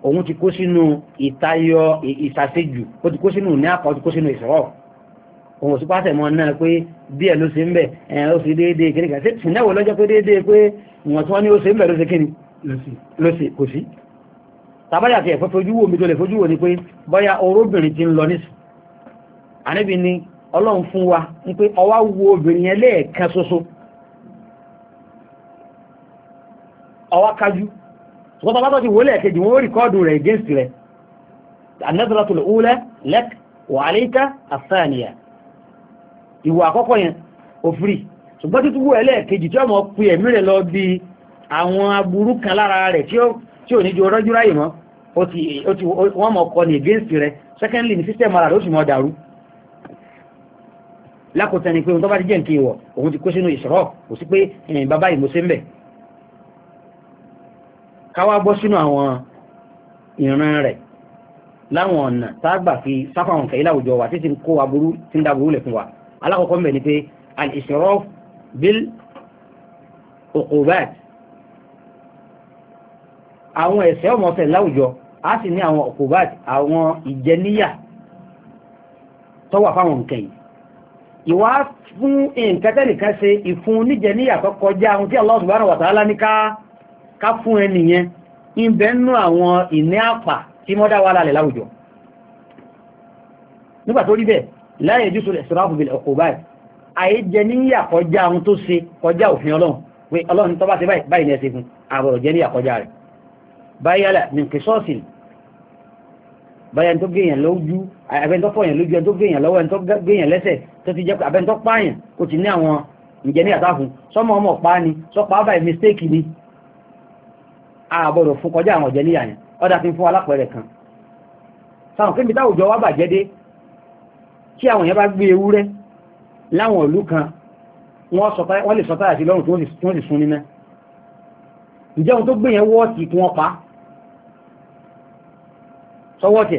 òun ti kó sínú ìtayọ ìsàṣejù ó ti kó sínú ní àpá ó ti kó sínú ìṣòro òwò sí pàṣẹ mọ́ náà pé díẹ̀ ló ṣe ń bẹ̀ ẹ̀ ó fi déédéé kiri kan ṣe tìǹdáwò lọ́jọ́ pé déédéé pé ìwọ̀n tí wọ́n ní ó ṣe ń bẹ̀ ló ṣe kíni ló ṣe kò sí tàbáyà tí ẹ̀fẹ́ fojú wò tó lè fojú wò wo obìnrin yẹn lẹ́ẹ̀kan ṣoṣo ọwá kájú ṣùgbọ́n ti wò lẹ́ẹ̀kejì wọ́n rẹ̀ against rẹ̀ lẹ́k ìwà àkọ́kọ́ yẹn ò fìrí ṣùgbọ́n títí wú ẹlẹ́ẹ̀kejì tí ọmọ pè ẹ̀mí rẹ̀ lọ bí àwọn aburú kan lára rẹ̀ tí ò ní ju ọrọ́jú ráyè mọ́ wọ́n mọ̀ kọ́ ní against rẹ̀ secondly ní system ara rẹ̀ ó sì mọ̀ dàrú lákòótán ni pé ohun tó bá ti jẹ́ nǹkan ìwọ̀ òun ti kó sínú ìṣòro kò sí pé bàbá ìmọ̀ọ́sẹ́ ń bẹ̀ káwá bọ́ sínú àwọn ìran rẹ̀ láwọn ọ̀nà tá fi sáfà àwọn kẹ̀yìn láwùjọ wa títí kó aburú tí ń dá aburú lẹ̀ fún wa alákọ̀ọ́kọ́ mẹ́ni pé al-israf bil uqubat àwọn ẹ̀ṣẹ̀ ọmọọ̀fẹ́ láwùjọ a sì ní àwọn uqubat àwọn ìjẹníyà tọ́wà fáwọn nǹkan yìí ìwá fún nǹkan tẹ́nìkan ṣe ìfún níjẹníyà tó kọjá ohun tí Allah subhanahu wa ta'ala ní nígbà tó rí bẹ́ẹ̀ la yajuzu al-israfu bil-uqubat àyè jẹ níyà kọjá ohun tó ṣe kọjá òfin ọlọ́run pé ọlọ́run tó bá ṣe báyìí ní ẹsẹ̀ fún àbọ̀rọ̀ jẹ níyà kọjá rẹ̀ báyálà min qisasin báyẹn tó gèèyàn lójú abẹ́ni tó fọyàn lójú ẹni tó gèèyàn lọ́wọ́ ẹni tó gèèyàn lẹ́sẹ̀ tó ti jẹ́ pé abẹ́ni tó pààyàn kò ti ní àwọn ìjẹ́ ní àtàfún sọmọ ọmọ pa ni sọpá báyìí mistake ni àbọ̀rọ̀ fún kọjá àwọn ọ̀jẹ́ níyà yẹn ọ̀dà fi fún alápẹ̀rẹ̀ kan sáwọn kébìtà òjò wa bàjẹ́ dé tí àwọn èèyàn bá gbé ewúrẹ́ láwọn ìlú kan wọ́n lè sọtáyà sí lọ́rùn tí wọ́n sì sún níná ǹjẹ́ ohun tó gbé yẹn wọ́ọ̀tì kí wọ́n pa sọwọ́tì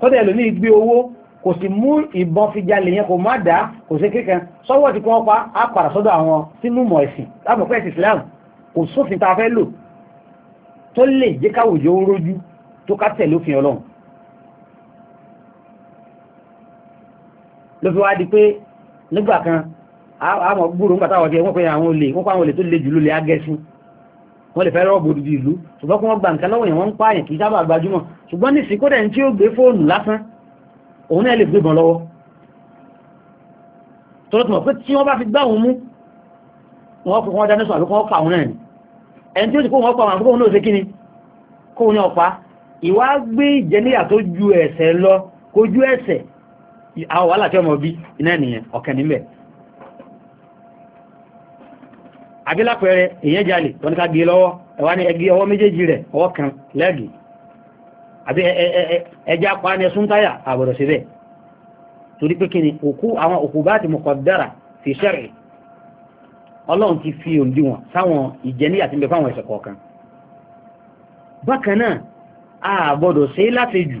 kọ́dẹ̀ ẹ̀lò ní ìgbé owó kò sì mú ìbọn fi jalè yẹn kò má dá kò sí kíkan sọwọ́tì kí wọ́n pa á padà sọ́dọ̀ àwọn sínú mọ̀ ẹ̀sìn lábọ̀pẹ́ ẹ̀sìn Islam kò sófin ta fẹ́ lò tó lè jẹ́ káwòjó rójú tó ká tẹ̀lé Ọlọ́run ló fi wá di pé nígbà kan àmọ̀ gbúrò nígbà táwọn ọ̀dẹ́ wọ́n pe àwọn olè wọ́n pa àwọn olè tó le jù lólè agẹ́sùn wọ́n lè fẹ́ rọ́ọ̀bù odidi ìlú ṣùgbọ́n kí wọ́n gba nǹkan lọ́wọ́ yẹn wọ́n ń pààyàn kì í sábà gbajúmọ̀ ṣùgbọ́n ní ìsìnkú dẹ̀ tí ó gbé fóònù lásán òun náà lè gbé bọ̀n lọ́wọ́ tọ́lọ́ tí mọ̀ pé tí wọ́n bá fi gbá òun mú wọ́n kò wọ́n dáná sọ àbí wọ́n pa òun náà ni ẹni tí ó ti kó wọ́n pa àwọn àbúkò òun náà ṣe kí ni kó ní ọ̀pá ìwà gbé ìjẹníyà tó ju ẹ̀ṣẹ̀ lọ kó ju ẹ̀ṣẹ̀ àwọn wàhálà tí ọmọ bí iná nìyẹn ọ̀kẹ́ níbẹ̀ àbílápẹ̀rẹ̀ èyàn jalè wọn ká gé lọ́wọ́ ẹ̀wà ní ẹgbẹ́ ọwọ́ méjèèjì rẹ̀ ọwọ́ kan lẹ́gì àbí ẹja pa ní ẹsùn táyà àbọ̀dọ̀ síbẹ̀ torí pé kíni òkú àwọn òkú bá ti muqaddara fi shar'i ọlọ́run ti fi òǹdíwọ̀n sáwọn ìjẹníyà ti ń bẹ fáwọn ẹ̀ṣẹ̀ kọ̀ọ̀kan bákan náà àbọ̀dọ̀ sí láti jù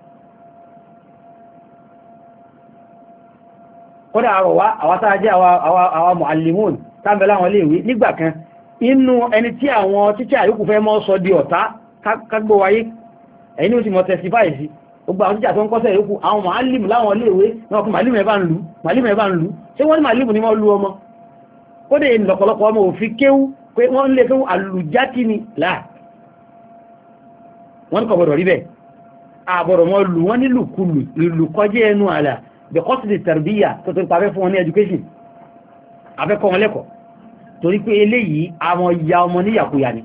kódà àrọ̀ wá àwátá jẹ́ àwọn mọ̀alìmún tábẹ̀lá àwọn iléèwé nígbà kan inú ẹni tí àwọn títí àyókù fẹ́ mọ́ sọ di ọ̀tá kágbó wáyé ẹ̀yìn ó sì mọ̀ testify sí gbogbo àwọn títà tó ń kọ́sẹ̀ yókù àwọn mọ̀alìmù láwọn iléèwé náà fún màálìmù ẹ̀bá ń lù màálìmù ẹ̀bá ń lù ṣé wọ́n ní ni wọ́n lu ọmọ kódà èyí lọ̀pọ̀lọpọ̀ ọmọ òfin kéwú pé wọ́n lè kéwú rí bẹ́ẹ̀ àbọ̀dọ̀ lù wọ́n nílùkulù ìlù ẹnu àlà because the tarbiya tó tó ń pàfẹ́ fún wọn ní education afẹ́kọ́ wọn lẹ́kọ̀ọ́ torí pé eléyìí àwọn ìyá ọmọ níyàkúyà ni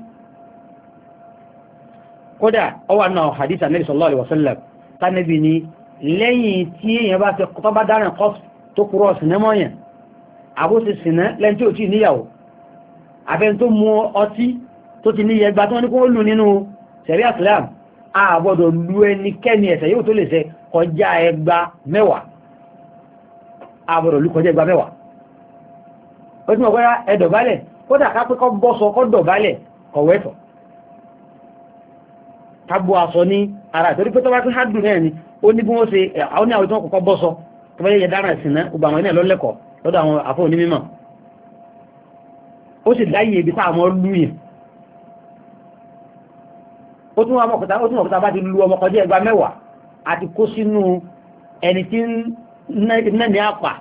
kódà ọwà náà hadith anabi sallallahu alaihi wasallam tánàbí ni lẹ́yìn tí èèyàn bá fi kọ́ bá dáràn kọ́ tó kúrò sinimọ́ yẹn àbóṣe sinà lẹ́yìn tí ò tí níyàwó àfẹ́ tó mú ọtí tó ti níyẹ gba tí wọ́n ní kó lù nínú sẹ̀rí àsìlám àbọ̀dọ̀ lu ẹnikẹ́ni ẹ̀sẹ̀ yóò tó lè ṣe kọjá ẹgbàá mẹ́wàá àbọ̀rọ̀ olùkọjẹ́ ìgbà mẹ́wàá ó ti mọ̀ pé ẹ̀dọ̀bálẹ̀ kódà ká pé kọ́ bọ́sọ kọ́ dọ̀bálẹ̀ kọ̀wẹ́tọ̀ tábù aṣọ ní ara ìtorí pé tó bá pín hádùn náà ni ó ní bí wọ́n ṣe àwọn ní àwọn tí wọ́n kọ́kọ́ bọ́sọ tó bá yẹ dára ìsìn náà gbàmọ́ náà lọ́lẹ́kọ̀ọ́ lọ́dọ̀ àwọn àfọ́ òní mímọ̀ ẹni tí náà ní àpà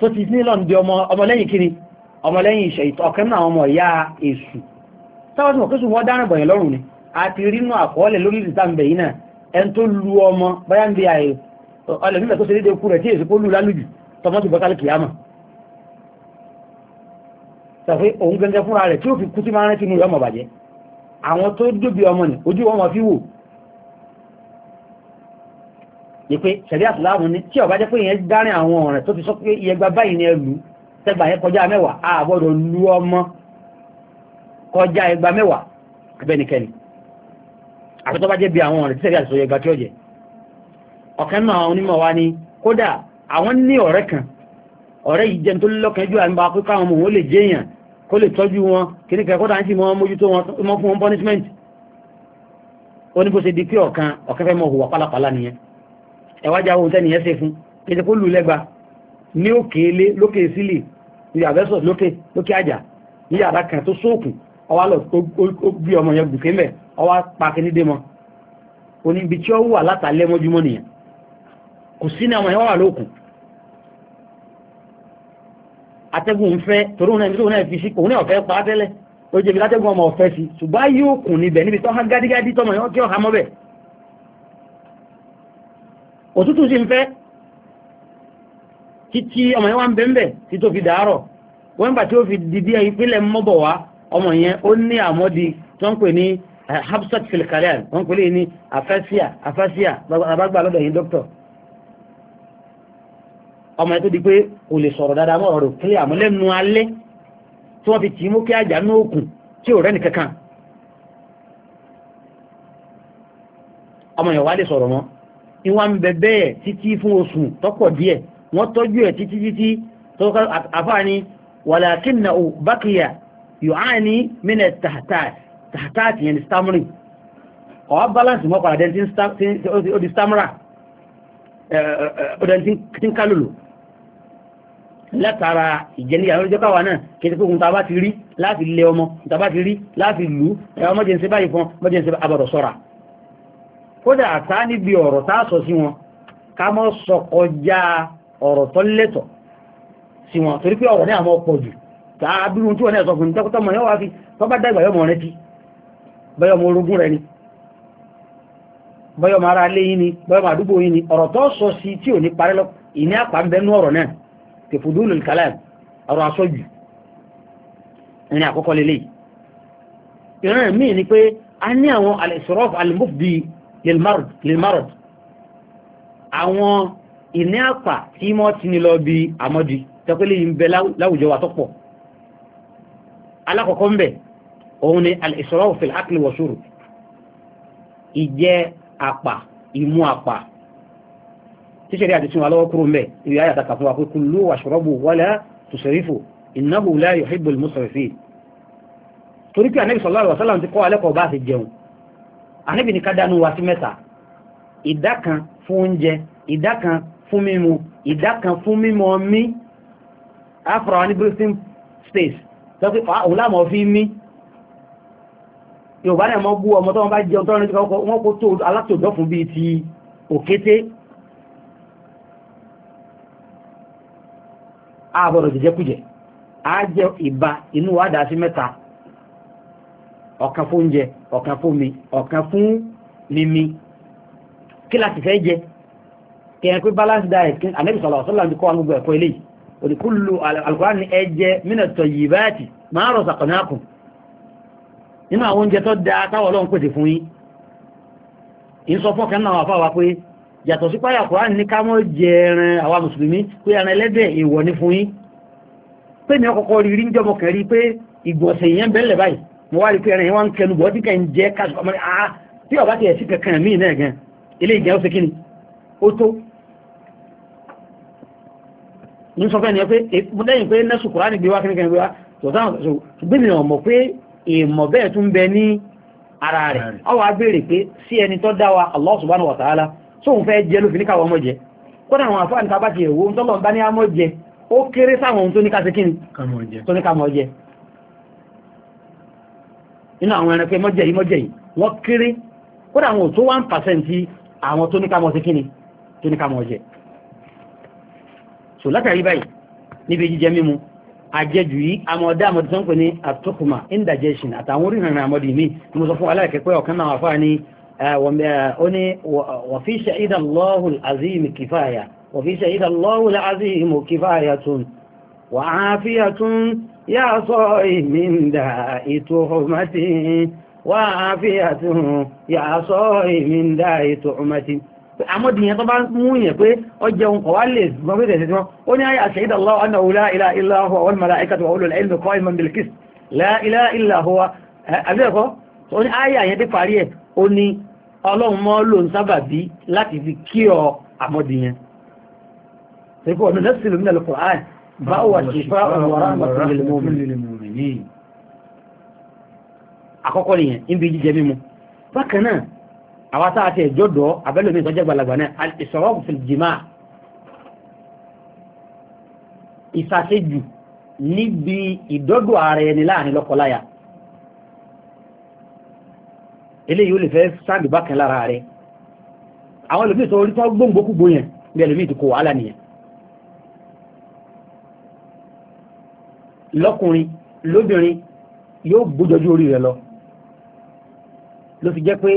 tó ti ní lọ́n di ọmọlẹ́yìn kiri ọmọlẹ́yìn ìṣẹ̀ ìtọ́ ọ̀kan náà ọmọ ìyá èṣù táwọn tí kéṣù wọ́n dáràn bọ̀yẹ̀ lọ́rùn ni àti rínú àkọọ́lẹ̀ lórí ìrìta ń bẹ̀ yìí náà ẹn tó lu ọmọ báyá ń bí àyè ọlẹ́mílẹ̀ tó ṣe dédé kú rẹ̀ tí èsì kó lù lálùjù tọmọ ti bọ́kálì kìyàmà sọ̀fẹ́ òun gẹ́gẹ́ fúnra rẹ̀ ìpé ṣẹ̀rí àtìláàmù ní tí ọ̀bá jẹ́ pé ìyẹn dárin àwọn ọ̀rẹ́ tó fi sọ pé ìyẹgbà báyìí ní ẹlù tẹgbà yẹn kọjá mẹ́wàá àgbọ́dọ̀ lú ọmọ kọjá ẹgbà mẹ́wàá abẹ́nikẹ́ni àtọ́tọ́ bá jẹ́ bí àwọn ọ̀rẹ́ tí ṣẹ̀rí àtìsọ ẹgbà tí ó jẹ ọ̀kan náà àwọn onímọ̀ wa ni kódà àwọn ní ọ̀rẹ́ kan ọ̀rẹ́ yìí jẹun tó lọ́kàn jù àmì bá pé káwọn ọmọ ṣe di pé ọ̀kan ọ̀kẹ́fẹ́ mọ̀ hùwà pálapàla nìyẹn ẹwájá ohun tẹ́ni ẹsẹ̀ fún kẹjẹ kó lù lẹ́gba ní òkè ilé lókè sílì ní àbẹ́sọ̀ lókè lókè àjà ní yàrá kan tó sóòkùn ọwá lọ ó gbé ọmọ yẹn gùnkè mẹ́ ọwá pa kí nídé mọ́ oníbi tí ó wà látàlẹ́ mọ́júmọ́ nìyẹn kò sí ní àwọn ẹ̀wọ̀n wà lókùn atẹ́gùn ń fẹ́ òtútù sí ń fẹ́ títí ọmọ yẹn wá ń bẹ́ńbẹ̀ tí tó fi dàárọ̀ wọ́n bá tí ó fi dìdí ìpínlẹ̀ mọ́bọ̀ wá ọmọ yẹn ó ní àmọ́dí tó ń pè ní eh, hapsat filkarian wọ́n pè lè ní afasia afasia abágbà lọ́dọ̀ yìí dókítọ̀ ọmọ yẹn tó di pé kò lè sọ̀rọ̀ dáadáa mọ́ ọ̀rọ̀ pé àmọ́lẹ́nu alẹ́ tí wọ́n fi tì í mú kí àjà ní òkun tí ò rẹ́ni kankan ọmọ yẹn wá lè sọ̀rọ̀ mọ́ ìwà ń bẹ̀bẹ̀ ẹ̀ títí fún oṣù tọ́pọ̀ díẹ̀ wọ́n tọ́jú ẹ̀ títí títí tọ́ka àfáàní wàlàkínà ò bákìyà yòhání mínẹ̀ tàhátàtì yẹn ni stammering ọ̀wá balance mọ́ padà dẹ́ntí ó di stamra ọ̀dẹ́ntí tí ń kálùlù látara ìjẹniyà lórí jọ́kàwà náà kéde pé òǹtà bá ti rí láti lé ọmọ òǹtà bá rí láti lù ọmọ jẹ́ báyìí fún ọmọ jẹ́ sọ́ra kódà àtá níbi ọ̀rọ̀ tá sọ sí wọn ká mọ́ sọ kọjá ọ̀rọ̀ tó lẹ́tọ̀ sí wọn torí pé ọ̀rọ̀ ní àmọ́ pọ̀ jù tàbí ohun tí wọ́n náà sọ fún ìtẹ́kùtọ́ ni bọ́yọ̀mọ̀ ara ni bọ́yọ̀mọ̀ àdúgbò yìí ni ọ̀rọ̀ tó sọ sí tí ò ní parí lọ ìní ni pé a ní àwọn alẹ́sọ̀rọ̀ alẹ́mọ́fì للمرض àwọn ìní àpà tí mọ́ ti ní lọ bí àmọ́dí tẹ́kọ́lé yìí ń bẹ láwùjọ wa tọ́pọ̀ alákọ̀ọ́kọ́ ń bẹ òun ni al-isra'u fil akli wa shurb ìjẹ àpà ìmú àpà tíṣẹ̀rí àti tiwọn alọ́wọ́ kúrò ń bẹ ìwé ayàtàkà fún wa pé kulu washrabu wala tusrifu innahu la yuhibbul musrifin torí pé ànábì àníbì ní ká dánú wa sí mẹ́ta ìdá kan fún oúnjẹ ìdá kan fún mímu ìdá kan fún mímọ mí afro ní breathing space tó pé òun láàmú ọ fi mí yorùbá náà mọ́ bú ọmọ tó wọ́n bá jẹun tọ́rin tí wọ́n kó tó alátòdọ́ fún bí ti òkété ààbọ̀rọ̀ jẹjẹkújẹ a jẹ ìba inú wa dá sí mẹ́ta ọ̀kan fún oúnjẹ ọ̀kan fún mi ọ̀kan fún mímí kí láti fẹ́ jẹ kẹrin pé balance diet kí Ànábì sallallahu alaihi wasallam ti kọ́ àwọn gbogbo ẹ̀kọ́ eléyìí olùkúlù alukóran ni ẹ jẹ mínà tayyibati ma razaqnakum nínú àwọn oúnjẹ tó dáa táwọn ọlọ́run pèsè fún yín ń sọ fọ́kàn náà wà fáwa pé yàtọ̀ sí páyà kùránì ní ká mọ́ jẹ ẹran àwa mùsùlùmí pé ẹran ẹlẹ́dẹ̀ èèwọ̀ ní fún yín pé ní ọkọ̀kọ́ rí rí ń jọmọkàn rí pé ìgbọ̀nsẹ̀ yẹn bẹ́lẹ̀ báyìí mo wá rí pé ẹran yẹn wá ń kẹnu bọ́ díkà ń jẹ́ káṣù ọmọ rẹ̀ àá ah, tí ọba ti ẹ̀sìn kankan míì náà gan ilé ìjẹun ṣe kíni ó tó ní sọ fẹ́ni pé lẹ́yìn eh, pé nẹ́sù kùránì gbé wá kíní kan gbé wá ṣùgbọ́n subhanahu wa ta'ala sóun fẹ́ jẹ́ ló fi ní káwọn ọmọ jẹ kódà àwọn àfáà ní ká bá ti ẹ̀wọ́ ń tọ́lọ̀ ń bá ní nínú àwọn ẹranko mọ́jẹ̀ yìí mọ́jẹ̀ yìí wọ́n kéré kódà àwọn tó 1% àwọn tó ní sí kíni tó ní ká so látàrí báyìí níbi jíjẹ mímu àjẹjù yìí àmọ̀dá àmọ̀dá tó ń pè ní atokuma indigestion àtàwọn oríran àmọ̀dá ìmí ni mo sọ fún aláìkẹ́kọ́ ọ̀kan náà àfáà ní ó ní wàfíṣẹ́ ìdàlọ́hùl azim kìfáyà wàfíṣẹ́ ìdàlọ́hùl azim kìfáyà tún وعافية يا صائم من داء تهمتي وعافية يا صائم من داء تهمتي àmọ́ dìyàn tó bá mú yẹn pé ọ jẹun kọ̀ wá lè gbọ́n pé tẹ̀sẹ̀ tí wọ́n ó ní àyà ṣe'ídà Allah annahu la ilaha illa huwa wal mala'ikatu wa ulul ilmi qa'iman bil qist la ilaha illa huwa فهو شفاء ورحمة للمؤمنين àkọ́kọ́ nìyẹn níbi jíjẹ mímu bákan náà àwọn tá a ti ẹjọ́dọ̀ abẹ́lómi ìtọ́jẹ́ gbalagbà náà ìsọ̀rọ̀ fìlìjìmá ìsàṣejù níbi ìdọ́dọ̀ ààrẹ ẹni láàrin lọ́kọláya eléyìí ó lè fẹ́ sáàdì bákan lára rẹ̀ àwọn ẹlòmíì sọ orí tó gbóngbókúgbó yẹn bí ẹlòmíì ti kó wàhálà nìyẹn lọ́kùnrin lóbìnrin yóò gbójọjú orí rẹ̀ lọ ló fi jẹ́ pé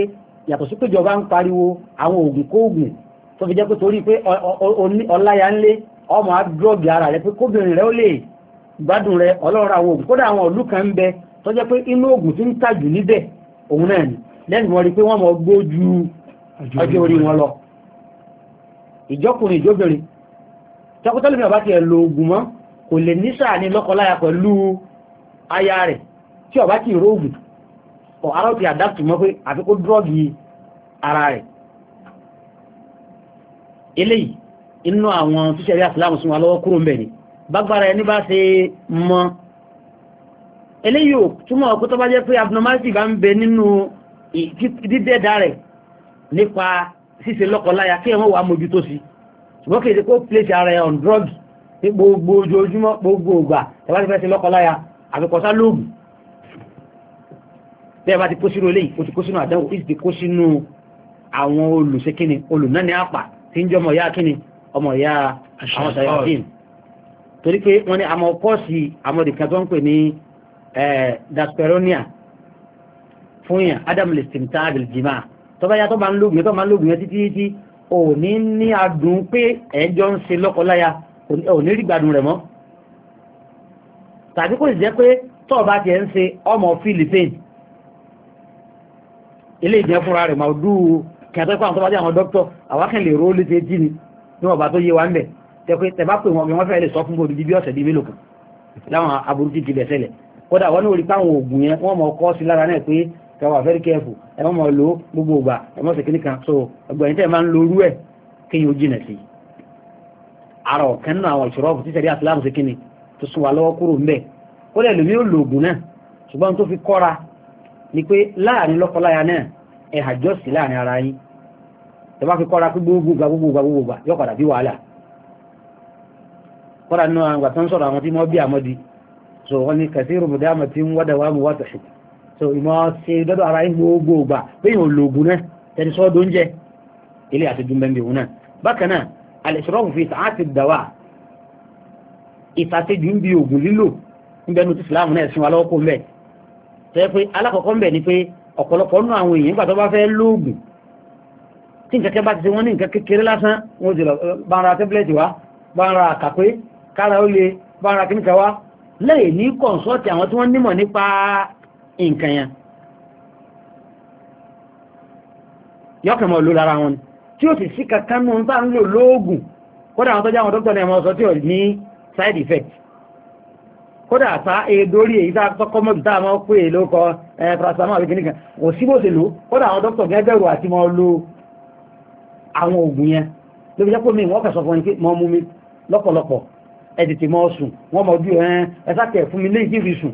yàtọ̀ sí péjọba ń pariwo àwọn oògùn kóògùn tó fi jẹ́ pé torí pé ọláyà ń lé ọmọ adúrọ́gì ara rẹ̀ pé kóbìnrin rẹ̀ ó lè gbádùn rẹ̀ ọlọ́run àwọn oògùn kódà àwọn òlú kan ń bẹ kò lè níṣà ní lọ́kọláya pẹ̀lú aya rẹ̀ tí ó bá ti rógùn ọ̀ ara ti adapt mọ́ pé àfi kó drọ́gì ara rẹ̀ eléyìí inú àwọn tíṣẹ́ rí àsìláàmù sún wa lọ́wọ́ kúrò mbẹ̀ ni bágbára ẹni bá ṣe mọ́ eléyìí ò túmọ̀ ọkú tó bá jẹ́ pé abnormality bá ń bẹ nínú dídẹ́dá rẹ̀ nípa ṣíṣe lọ́kọláya kí ẹ̀wọ̀n wà mójútó sí ṣùgbọ́n kì ẹ̀ on drugs ní gbogbo ojoojúmọ́ gbogbo ògbà tẹ́wá ti fẹ́ sí lọ́kọláya àbíkọ́sá lóògùn tẹ́ẹ̀ bá ti kó sínú eléyìí o ti kó sínú àdánwò ìsì ti kó sínú àwọn olùsekíni olùnáni àpà tí ń jẹ́ ọmọ ìyá kíni ọmọ ìyá àwọn sàyàdín torí pé wọ́n ní àmọ́ pọ́ọ̀sì àmọ́dìkan tó ń pè ní dasperonia fún yàn adam listin tábìl jìmá tó bá yá tó bá ń lóògùn tó bá ń lóògùn yẹn títí títí ò ní ní adùn pé ẹjọ́ ń ṣe lọ́kọláya òní rí gbádùn rẹ̀ mọ́ tàbí kò sì jẹ́ pé tọ́ ọba tiẹ̀ ń ṣe ọmọ philippine ilé ìjẹ́ fúnra rẹ̀ máa dúró kẹtọ́ pé àwọn tó bá jẹ́ àwọn dókítọ̀ àwákẹ́ lè ró létí jí ni ní ọba tó yé wa ń bẹ̀ tẹ́pẹ́ tẹ́bá pè wọn wọ́n fẹ́ lè sọ fún bòdì bí ọ̀sẹ̀ bí mélòó kan láwọn aburú ti tilẹ̀ kẹwàá very careful ẹ wọ́n mọ̀ lo gbogbo ìgbà ẹ mọ̀ sí kíníkan so ọgbẹ̀yìn tẹ́ máa ń lo orú ẹ̀ kéyìn ó jìnà sí i ara ọ̀kan náà àwọn ìṣòro ọ̀fún títẹ̀rí àtìláàmù sí kíni tó sún wa lọ́wọ́ kúrò ńbẹ̀ ó lè lómi ó lòògùn náà ṣùgbọ́n tó fi kọ́ra ni pé láàrin lọ́kọláya náà ẹ àjọ sí láàrin ara yín ẹ bá fi kọ́ra pé gbogbo gba gbogbo gba gbogbo so wọ́n ní kẹsí ròmùdá àmọ́ tí so ìmọ̀ ṣe dọ́dọ̀ ara yín gbogbo gbà pé èèyàn lòògùn náà tẹnisọ́ dóúnjẹ ilé àti dùnbẹ̀m̀bẹ̀ òun alẹ́sọ̀rọ̀mù fi sàáàtì dàwà ìtàsíjú ń bi ògùn lílò ń bẹnu tí Islam náà sin wa lọ́wọ́ kó mbẹ́ tẹ́ pé alákọ̀ọ́kọ́ ń bẹ̀ ni pé ọ̀pọ̀lọpọ̀ nù àwọn èèyàn nígbà tó bá fẹ́ lóògùn tí nǹkan kẹ́ bá ti ṣe wọ́n ní nǹkan kékeré lásán wọ́n jùlọ bá ara tẹ́bílẹ̀tì wá bá ara àkàpé kára ó le bá ara kìíní kan wá lẹ́yìn ní kọ̀ǹsọ́ọ̀tì àwọn tí wọ́n nímọ̀ nípa nǹkan yẹn yọ́kàn mọ́ ló lára wọn ni tí ó sì sí kankan nù tá ń lò lóògùn kódà àwọn tọ́jú àwọn dókítà ní ẹmọ sọ tí ò ní side effect kódà àtà èdórí e èyí tá kọ́kọ́ mọ́jú tá a máa pè é lóko ẹ paracetamol àbí kìnnìkan kò sí bó ṣe lò kódà àwọn dókítà gẹ́gẹ́ rò àti máa lo àwọn oògùn yẹn lóbi jẹ́ pé mi wọ́n kẹsọ̀ fún ẹni pé mọ́ mú mi lọ́pọ̀lọpọ̀ ẹ̀ tètè mọ́ sùn wọ́n mọ̀ bí ẹ̀ ẹ̀ sákẹ̀ fún mi léyìí kí n fi sùn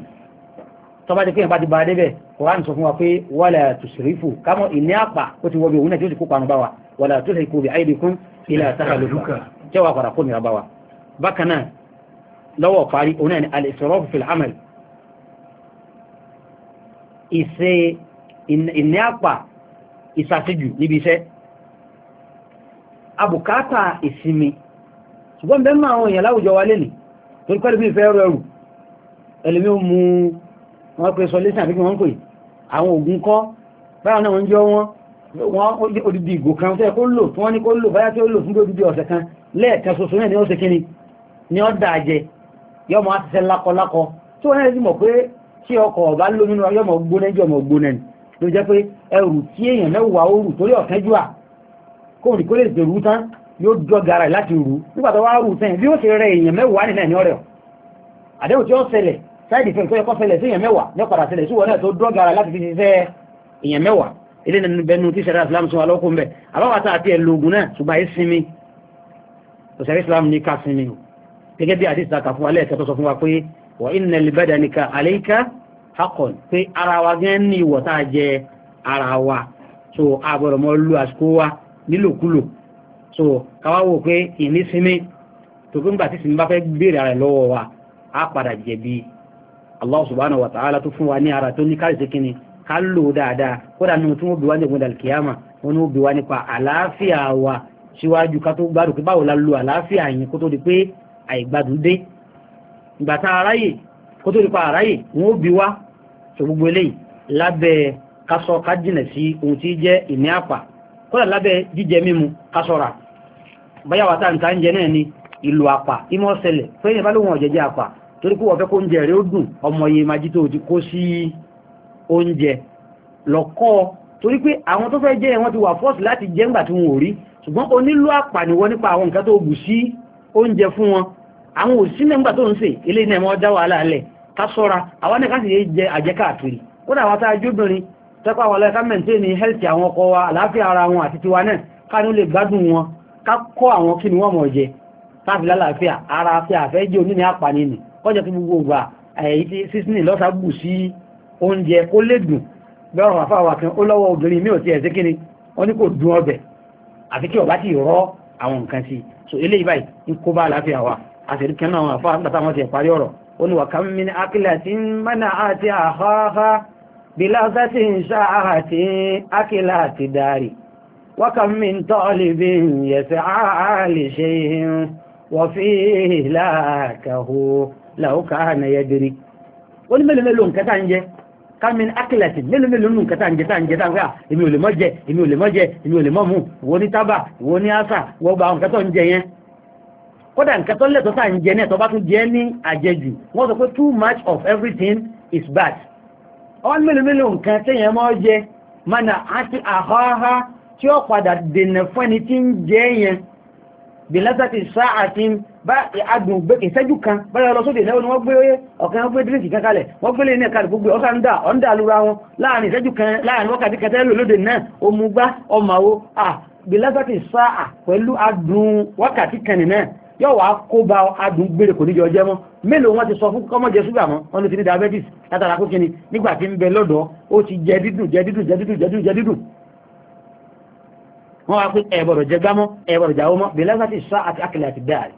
tọba ti pé ìbá ti bá débẹ̀ Quran sọ fún wa pé wala tusrifu kámọ́ ìní àpà ó ti wọ́bi òun náà tí ó ti kópa bá wa wala tulhiqu bi aydikum ila tahluka jẹ́ wa padà kó nira bá ìsinmi ṣùgbọ́n bẹ́ẹ̀ máa àwọn èèyàn wa lẹ́nìí torí pẹ́lú bí ìfẹ́ rẹ̀ rù ẹlẹ́mí ó mú wọ́n pè solution àbí wọ́n pè àwọn ògùn kọ́ báwọn náà wọ́n jọ wọn wọ́n odidi ìgò kan tẹ́ kó lò fún wọn ní kó lò báyá tí ó lò fún odidi ọ̀sẹ̀ kan lẹ́ẹ̀kan ṣoṣo náà ni ó ṣe kíni ni ó dà jẹ yọmọ á ti ṣe lákọlákọ tí wọ́n náà ti mọ̀ pé tí ọkọ̀ ọ̀bá lóminú yọmọ gbóná jọmọ gbóná ni ló jẹ́ pé ẹrù tí èèyàn mẹ́wàá ó rù torí ọ̀kẹ́ jù à kóhùn ní kó lè dèrú tán yóò dọ́gara láti rù nígbà tó wá rù tán bí ó ṣe rẹ èèyàn mẹ́wàá nìlẹ̀ ní ọ̀rẹ́ àdéhùn tí ó ṣẹlẹ̀ sáìdì fẹ́ ìtọ́jọ́ kọ́sẹ̀lẹ̀ sí èèyàn mẹ́wàá ní ọ̀padà sẹlẹ̀ sí wọlé tó dọ́gara láti fi ṣiṣẹ́ èèyàn mẹ́wàá ilé nínú bẹnu tí sẹ́rẹ́ islam sọ alọ́kùn bẹ̀ àbáwátá àti ẹlòògùn náà ṣùgbọ́n ayé sinmi òṣèré islam ní ká sinmi o gẹ́gẹ́ bí àdìsí àkà fún alẹ́ ẹ̀kẹ́ sọ fún wa pé wà inna li badanika alayka haqqan pé ara wa gẹ́gẹ́ ní ìwọ̀ tá a jẹ ara wa so àbọ̀rọ̀ mọ́ lu àsìkò wa nílòkulò so káwá wò pé ìní sinmi tó fún gbà tí sinmi bá fẹ́ gbèrè ara lọ́wọ́ wa á padà jẹ̀bi Allah subhanahu wa ta'ala tó fún wa ní ara tó ní káàsì kíni ká lò dáadáa kódà nínú tí wọ́n bí wá ní ìgbìndà kìyàmà wọ́n ní ó bí wá nípa àlàáfíà wa síwájú ká tó gbádùn pé báwo la lo àlàáfíà yìí kó tó di pé àìgbádùn dé ìgbà tá aráyè kó tó di pa aráyè wọ́n bí wá sọ gbogbo eléyìí lábẹ́ kásọ ká jìnà sí ohun tí jẹ́ ìní àpà kódà lábẹ́ jíjẹ mímu kásọ̀rà báyàwó àtàǹtà ń jẹ náà ni ìlú àpà ìmọ̀ ọ̀sẹ̀lẹ̀ pé ìyẹn bá ọ̀jẹ̀jẹ̀ àpà torí pé wọ́n fẹ́ kó oúnjẹ rẹ̀ ó dùn ọmọ yìí máa jí tó ti kó sí oúnjẹ lọ́kọ́ torí pé àwọn tó fẹ́ jẹ́ wọ́n ti wà fọ́ọ̀sì láti jẹ́ ńgbà tí wọn ò rí ṣùgbọ́n o nílò àpànìwọ́ nípa àwọn nǹkan tó bù sí oúnjẹ fún wọn àwọn ò sí nígbà tó ń sè ilé iná ẹ̀mọ́ dá wàhálà lẹ̀ ká sọ́ra àwọn ní káṣí jẹ àjẹkáàkiri ó dà wá tá a jóbìnrin tẹ́pá mẹ́ǹtẹ́ ní hẹ́lìtì àwọn ọkọ wa àlàáfíà ara wọn àti tiwa náà ká lè gbádùn wọn ká kọ́ àwọn kí ni wọ́n mọ̀ jẹ táàfin lálàáfíà ara àfẹ́ àfẹ́ jẹ́ oníní àpànìyàn kọjọ kí gbogbo ògbà àyẹ̀yí tí sísìn lọ́sà bù sí oúnjẹ kó lè dùn bí ọ̀rọ̀ àfáwà kan ó lọ́wọ́ obìnrin mi ò ti ẹ̀sẹ̀ kíni wọ́n ní kò dùn ọbẹ̀ àfi kí ọba ti rọ́ àwọn nǹkan sí so eléyìí báyìí ń kó bá àlàáfíà wa àṣírí kan náà àwọn àfáà nígbà táwọn ti parí ọ̀rọ̀ ó ní wàkà mímí ní akílà tí ń mánà àti àháhá bí lásà tí ń ṣá àti akílà àti dárì wákà mímí ń tọ́ lè bí yẹ̀sẹ̀ àá lè ṣe wọ́n fi láàkàwọ́ làwọn kà á nà yẹ dèrè ó ní ń jẹ kámi akílẹ̀tì mélòó mélòó nǹkan tá ń jẹ tá ń jẹ tá ń fẹ́ èmi ò lè mọ́ jẹ èmi ò lè mọ́ jẹ èmi ò lè mọ́ mu wo ní tábà wo ní àṣà wọ́n gba àwọn nǹkan ń jẹ yẹn kódà nǹkan tó tá ń jẹ náà tó bá tún jẹ ní àjẹjù wọ́n sọ pé too much of everything is bad àwọn mélòó mélòó nǹkan téèyàn mọ́ jẹ mana àti àháhá tí ó padà dènà fún ẹni tí ń jẹ yẹn bìlátàtì sáàtì bá agbùn ìṣẹ́jú kan báyọ̀ lọ sóde lẹ́wọ́n ni wọ́n gbé oyé ọ̀kan wọ́n gbé dírìsì kankalẹ̀ wọ́n gbé lè ní ẹ̀ka gbogbo ọ̀sán ń dà ọ̀ ń dà lura wọn láàrin ìṣẹ́jú kan láàrin wákàtí kẹtẹ́lò lóde náà omugbá ọmọwó à bìlátàtì sáà pẹ̀lú agbùn wákàtí kan nìyẹn yóò wá kó bá adùn gbére kò níjọ jẹ́ mọ́ mélòó wọ́n ti sọ fún kọ́mọ́ jẹ ṣúgà mọ́ wọ́n ti ní diabetes látara kó kíni nígbà tí ń bẹ lọ́dọ̀ ó ti jẹ dídùn jẹ dídùn jẹ dídùn jẹ dídùn jẹ dídùn wọ́n wá pé ẹ̀bọ̀rọ̀ jẹ gbámọ́ ẹ̀bọ̀rọ̀ jàwó mọ́ bí lẹ́gbàtí sá àti akẹlẹ̀ àti dáàrí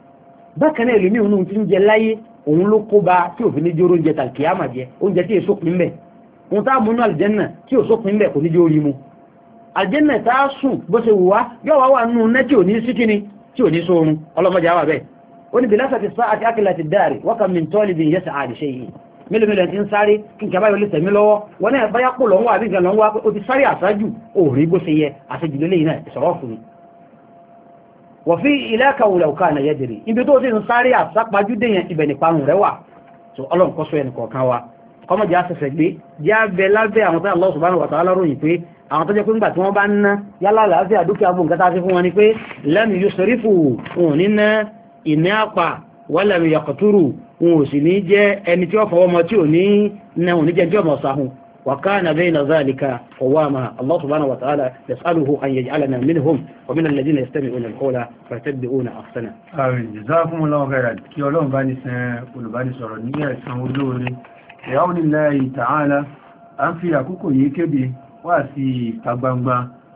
bákan náà ìlúmí òun ti ń jẹ láyé òun ló kó ba tí òfin ní jó oúnjẹ tàbí àmà jẹ oúnjẹ tí èso pin bẹ̀ òun tá mú inú àlìjẹ́nà tí òso pin bẹ̀ kò ní jó orí mu àlìjẹ́nà tá a sùn bó ṣe wù wá yóò wá wà nù ná tí ò ní sí kíni tí ò ní sórun ọlọ́mọdé àwà bẹ́ẹ̀ ó ní bí lẹ́gbàtí sá àti akẹlẹ̀ àti dáàrí wọ́n kà mí tọ́lì bí yẹ́sà àdìṣe yìí mélòó mélòó ti ń sáré kí n kí abáyọ lè tẹ̀mí lọ́wọ́ wọn náà báyá pò lọ́wọ́ àbí nǹkan lọ́wọ́ pé o ti sáré àṣájù òòrí bó ṣe yẹ àṣejù lélẹ́yìn náà ìṣòro ọkùnrin wọ́n fi ilé àkàwòlẹ̀ òkà àná yẹ́dìrì ibi tó ti ń sáré àṣápajúdé yẹn ibẹ̀ níparun rẹ̀ wà so ọlọ́run kọ́ sọ ẹnì kọ̀ọ̀kan wa kọ́mọ̀ jẹ́ àṣẹṣẹ gbé jẹ́ abẹ lábẹ́ tó Allah subhanahu wa ta'ala ròyìn pé àwọn tó jẹ́ pé ńgbà tí wọ́n bá ń ná yálà láàáfíà wọ́lẹ̀mí yàkọ̀túrù wọn ò sì ní jẹ́ ẹni tí ó fọwọ́ mọ́ tí ò ní náà ní jẹ́ jọmọ̀ sáhùn وكان بين ذلك قواما الله سبحانه وتعالى يسأله أن يجعلنا منهم ومن الذين يستمعون القول فيتبعون أحسنه آمين جزاكم الله خيرا كيولون باني سنقول باني سرنية سنولوري بعون الله تعالى أن في أكوكو يكبي واسي تبانبا